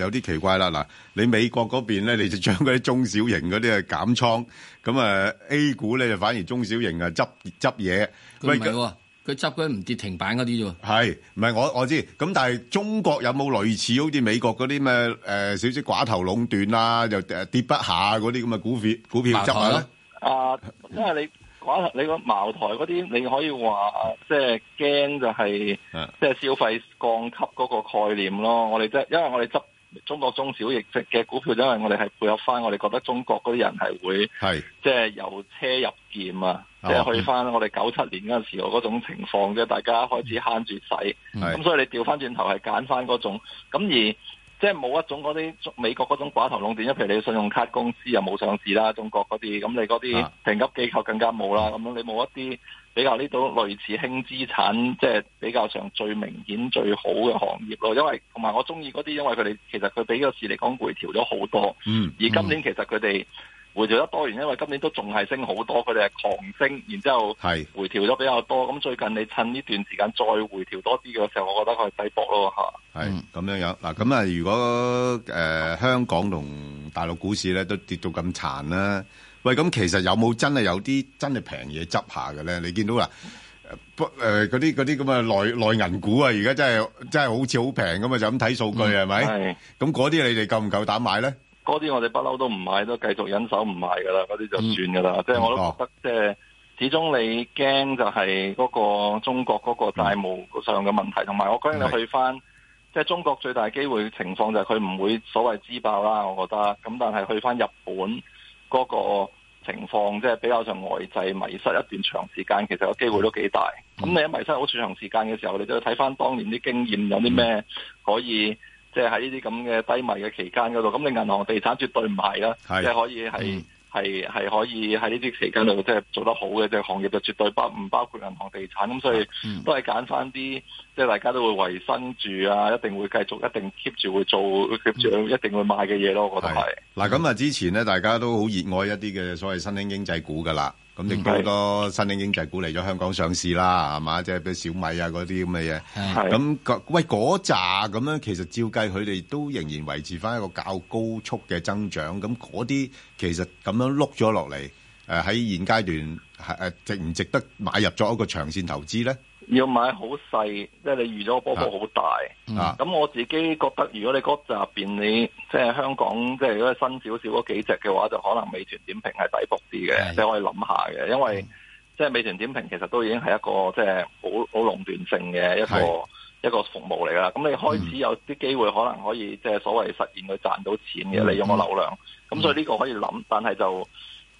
有啲奇怪啦。嗱，你美國嗰邊咧，你就將嗰啲中小型嗰啲啊減倉。咁啊，A 股咧就反而中小型啊執執嘢。佢唔明喎。佢執佢唔跌停板嗰啲啫喎，係唔係我我知咁，但係中國有冇類似好似美國嗰啲咩誒少少寡頭壟斷啊，又誒跌不下嗰啲咁嘅股票股票執下咧？ 啊，因為你寡頭，你個茅台嗰啲，你可以話即係驚就係即係消費降級嗰個概念咯。我哋即係因為我哋執中國中小市值嘅股票，因為我哋係配合翻我哋覺得中國嗰啲人係會即係是由奢入儉啊。即係、哦嗯、去翻我哋九七年嗰時候嗰種情況啫，大家開始慳住使，咁是所以你調翻轉頭係揀翻嗰種咁而即係冇一種嗰啲美國嗰種寡頭壟斷，即譬如你信用卡公司又冇上市啦，中國嗰啲咁你嗰啲評級機構更加冇啦，咁、啊、你冇一啲比較呢種類似輕資產，即、就、係、是、比較上最明顯最好嘅行業咯。因為同埋我中意嗰啲，因為佢哋其實佢俾個市嚟講，回調咗好多，嗯、而今年其實佢哋。嗯回調得多元，因為今年都仲係升好多，佢哋係狂升，然之後係回調咗比較多。咁最近你趁呢段時間再回調多啲嘅時候，我覺得佢係低搏咯嚇。係咁樣樣嗱，咁啊，如果誒香港同大陸股市咧都跌到咁殘啦，喂，咁其實有冇真係有啲真係平嘢執下嘅咧？你見到啦，不誒嗰啲嗰啲咁嘅內內銀股啊，而家真係真係好似好平咁啊，就咁睇數據係咪？咁嗰啲你哋夠唔夠膽買咧？嗰啲我哋不嬲都唔買，都繼續忍手唔買噶啦，嗰啲就算噶啦。即係、嗯、我都覺得，即係、嗯、始終你驚就係嗰個中國嗰個債務上嘅問題，同埋、嗯、我覺得你去返，即係是中國最大機會嘅情況就係佢唔會所謂資爆啦，我覺得。咁但係去返日本嗰個情況，即、就、係、是、比較上外製，迷失一段長時間，其實個機會都幾大。咁、嗯、你一迷失好長時間嘅時候，你就睇返當年啲經驗有啲咩可以。即係喺呢啲咁嘅低迷嘅期間嗰度，咁你銀行地產絕對唔係啦，即係係可以係係係可以喺呢啲期間度即係做得好嘅，即係行業就絕對唔唔包，包括銀行地產，咁所以都係揀翻啲即係大家都會維生住啊，一定會繼續一定 keep 住會做 keep 住一定會買嘅嘢咯，我覺得係。嗱咁啊，之前咧大家都好熱愛一啲嘅所謂新興經濟股噶啦。咁亦都好多新興經濟鼓勵咗香港上市啦，係嘛？即係比如小米啊嗰啲咁嘅嘢。咁是喂嗰扎咁樣，其實照計佢哋都仍然維持翻一個較高速嘅增長。咁嗰啲其實咁樣碌咗落嚟，誒喺現階段係誒值唔值得買入咗一個長線投資咧？要買好細，即係你預咗個波波好大。咁、嗯啊、我自己覺得，如果你嗰隻入邊你即係香港，即係如果新少少嗰幾隻嘅話，就可能美團點評係抵博啲嘅，即係的可以諗下嘅。因為的即係美團點評其實都已經係一個即係好好壟斷性嘅一個的一個服務嚟㗎啦。咁你開始有啲機會可能可以即係所謂實現佢賺到錢嘅，你用個流量。咁、嗯、所以呢個可以諗，嗯、但係就。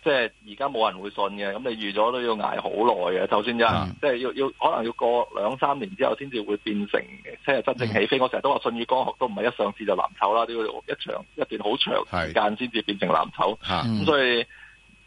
即係而家冇人會信嘅，咁你預咗都要捱好耐嘅。就算啊，的即係要要可能要過兩三年之後，先至會變成即係、就是、真正起飛。嗯、我成日都話舜宇光學都唔係一上市就藍籌啦，都要一長一段好長時間先至變成藍籌。咁的所以、嗯、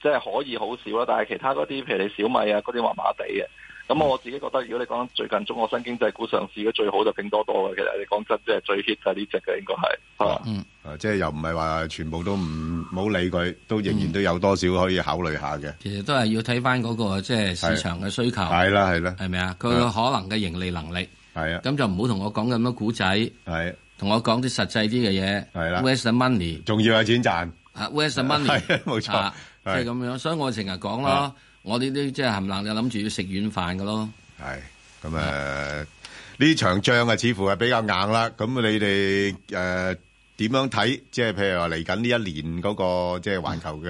即係可以好少啦。但係其他嗰啲，譬如你小米啊，嗰啲麻麻地嘅。咁我自己覺得，如果你講最近中國新經濟股上市，嘅最好就拼多多嘅。其實你講真、嗯啊，即係最 hit 啊呢隻嘅應該係嗯。即係又唔係話全部都唔好理佢，都仍然都有多少可以考慮下嘅、嗯。其實都係要睇翻嗰個即係市場嘅需求。係啦係啦。係咪啊？佢可能嘅盈利能力。係啊了。咁就唔好同我講咁多故仔。係了。同我講啲實際啲嘅嘢。係啦了。Where's the money？仲要有錢賺。啊、uh，Where's the money？係冇錯。係咁、uh, 樣，是所以我成日講啦。我呢啲即係含冷，就諗住要食軟飯㗎咯。係咁誒，呢、嗯是呃、場仗啊，似乎係比較硬啦。咁你哋誒點樣睇？即係譬如話嚟緊呢一年嗰、那個即係環球嘅誒、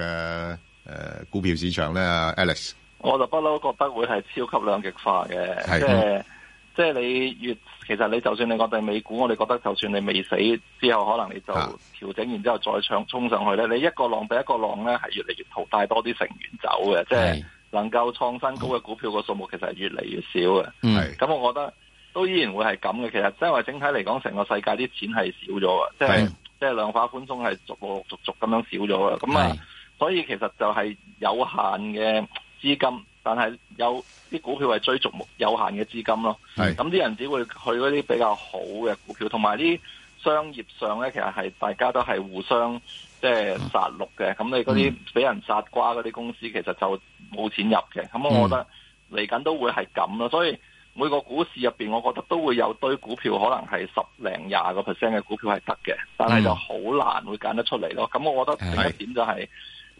呃、股票市場咧，Alex，我就不嬲覺得會係超級兩極化嘅。即係即係你越其實你就算你覺定美股，我哋覺得就算你未死之後，可能你就調整，然之後再上衝上去咧。是你一個浪比一個浪咧，係越嚟越淘汰多啲成員走嘅，即、就是能夠創新高嘅股票個數目其實係越嚟越少嘅，係咁是我覺得都依然會係咁嘅。其實即係話整體嚟講，成個世界啲錢係少咗嘅，就是、是即係即係量化寬鬆係逐步逐步咁樣少咗嘅。咁啊，是所以其實就係有限嘅資金，但係有啲股票係追逐有限嘅資金咯。咁啲是人只會去嗰啲比較好嘅股票，同埋啲商業上呢，其實係大家都係互相。即係殺戮嘅，咁你嗰啲俾人殺瓜嗰啲公司，其實就冇錢入嘅。咁我覺得嚟緊都會係咁咯。所以每個股市入面，我覺得都會有堆股票，可能係十零廿個 percent 嘅股票係得嘅，但係就好難會揀得出嚟咯。咁我覺得第一點就係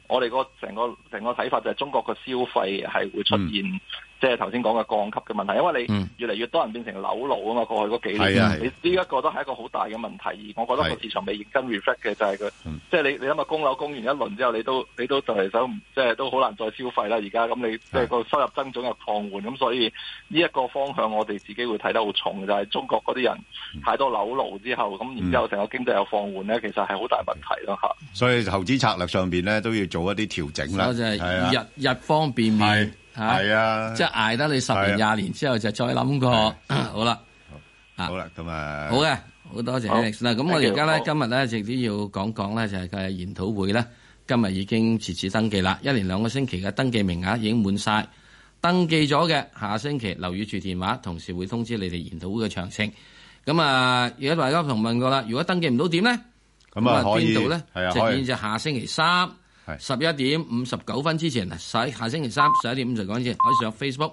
我哋個成個成個睇法就係中國個消費係會出現。即係頭先講嘅降級嘅問題，因為你越嚟越多人變成樓奴啊嘛，過去嗰幾年，你呢、啊啊、一個都係一個好大嘅問題。而我覺得個市場未認真 reflect 嘅就係、是、佢，即係你你諗下供樓供完一輪之後，你都你都就嚟想，即係都好難再消費啦。而家咁你即係個收入增長又放緩、啊就是、有放緩，咁所以呢一個方向，我哋自己會睇得好重，就係中國嗰啲人太多樓奴之後，咁然之後成個經濟又放緩咧，其實係好大問題咯嚇。所以投資策略上邊咧都要做一啲調整啦。就係日、啊、日方便麵。係啊，即係捱得你十年廿年之後就再諗過，好啦，好啦咁啊，好嘅，好多謝 Alex，咁我哋而家咧今日咧直接要講講咧就係佢嘅研討會咧，今日已經截止登記啦，一年兩個星期嘅登記名額已經滿晒。登記咗嘅下星期留意住電話，同時會通知你哋研討會嘅詳情。咁啊，而家大家同問過啦，如果登記唔到點呢？咁啊邊度呢，係啊可以，就下星期三。十一是點五十九分之前，喺下星期三十一點五十九分之前，可以上 Facebook。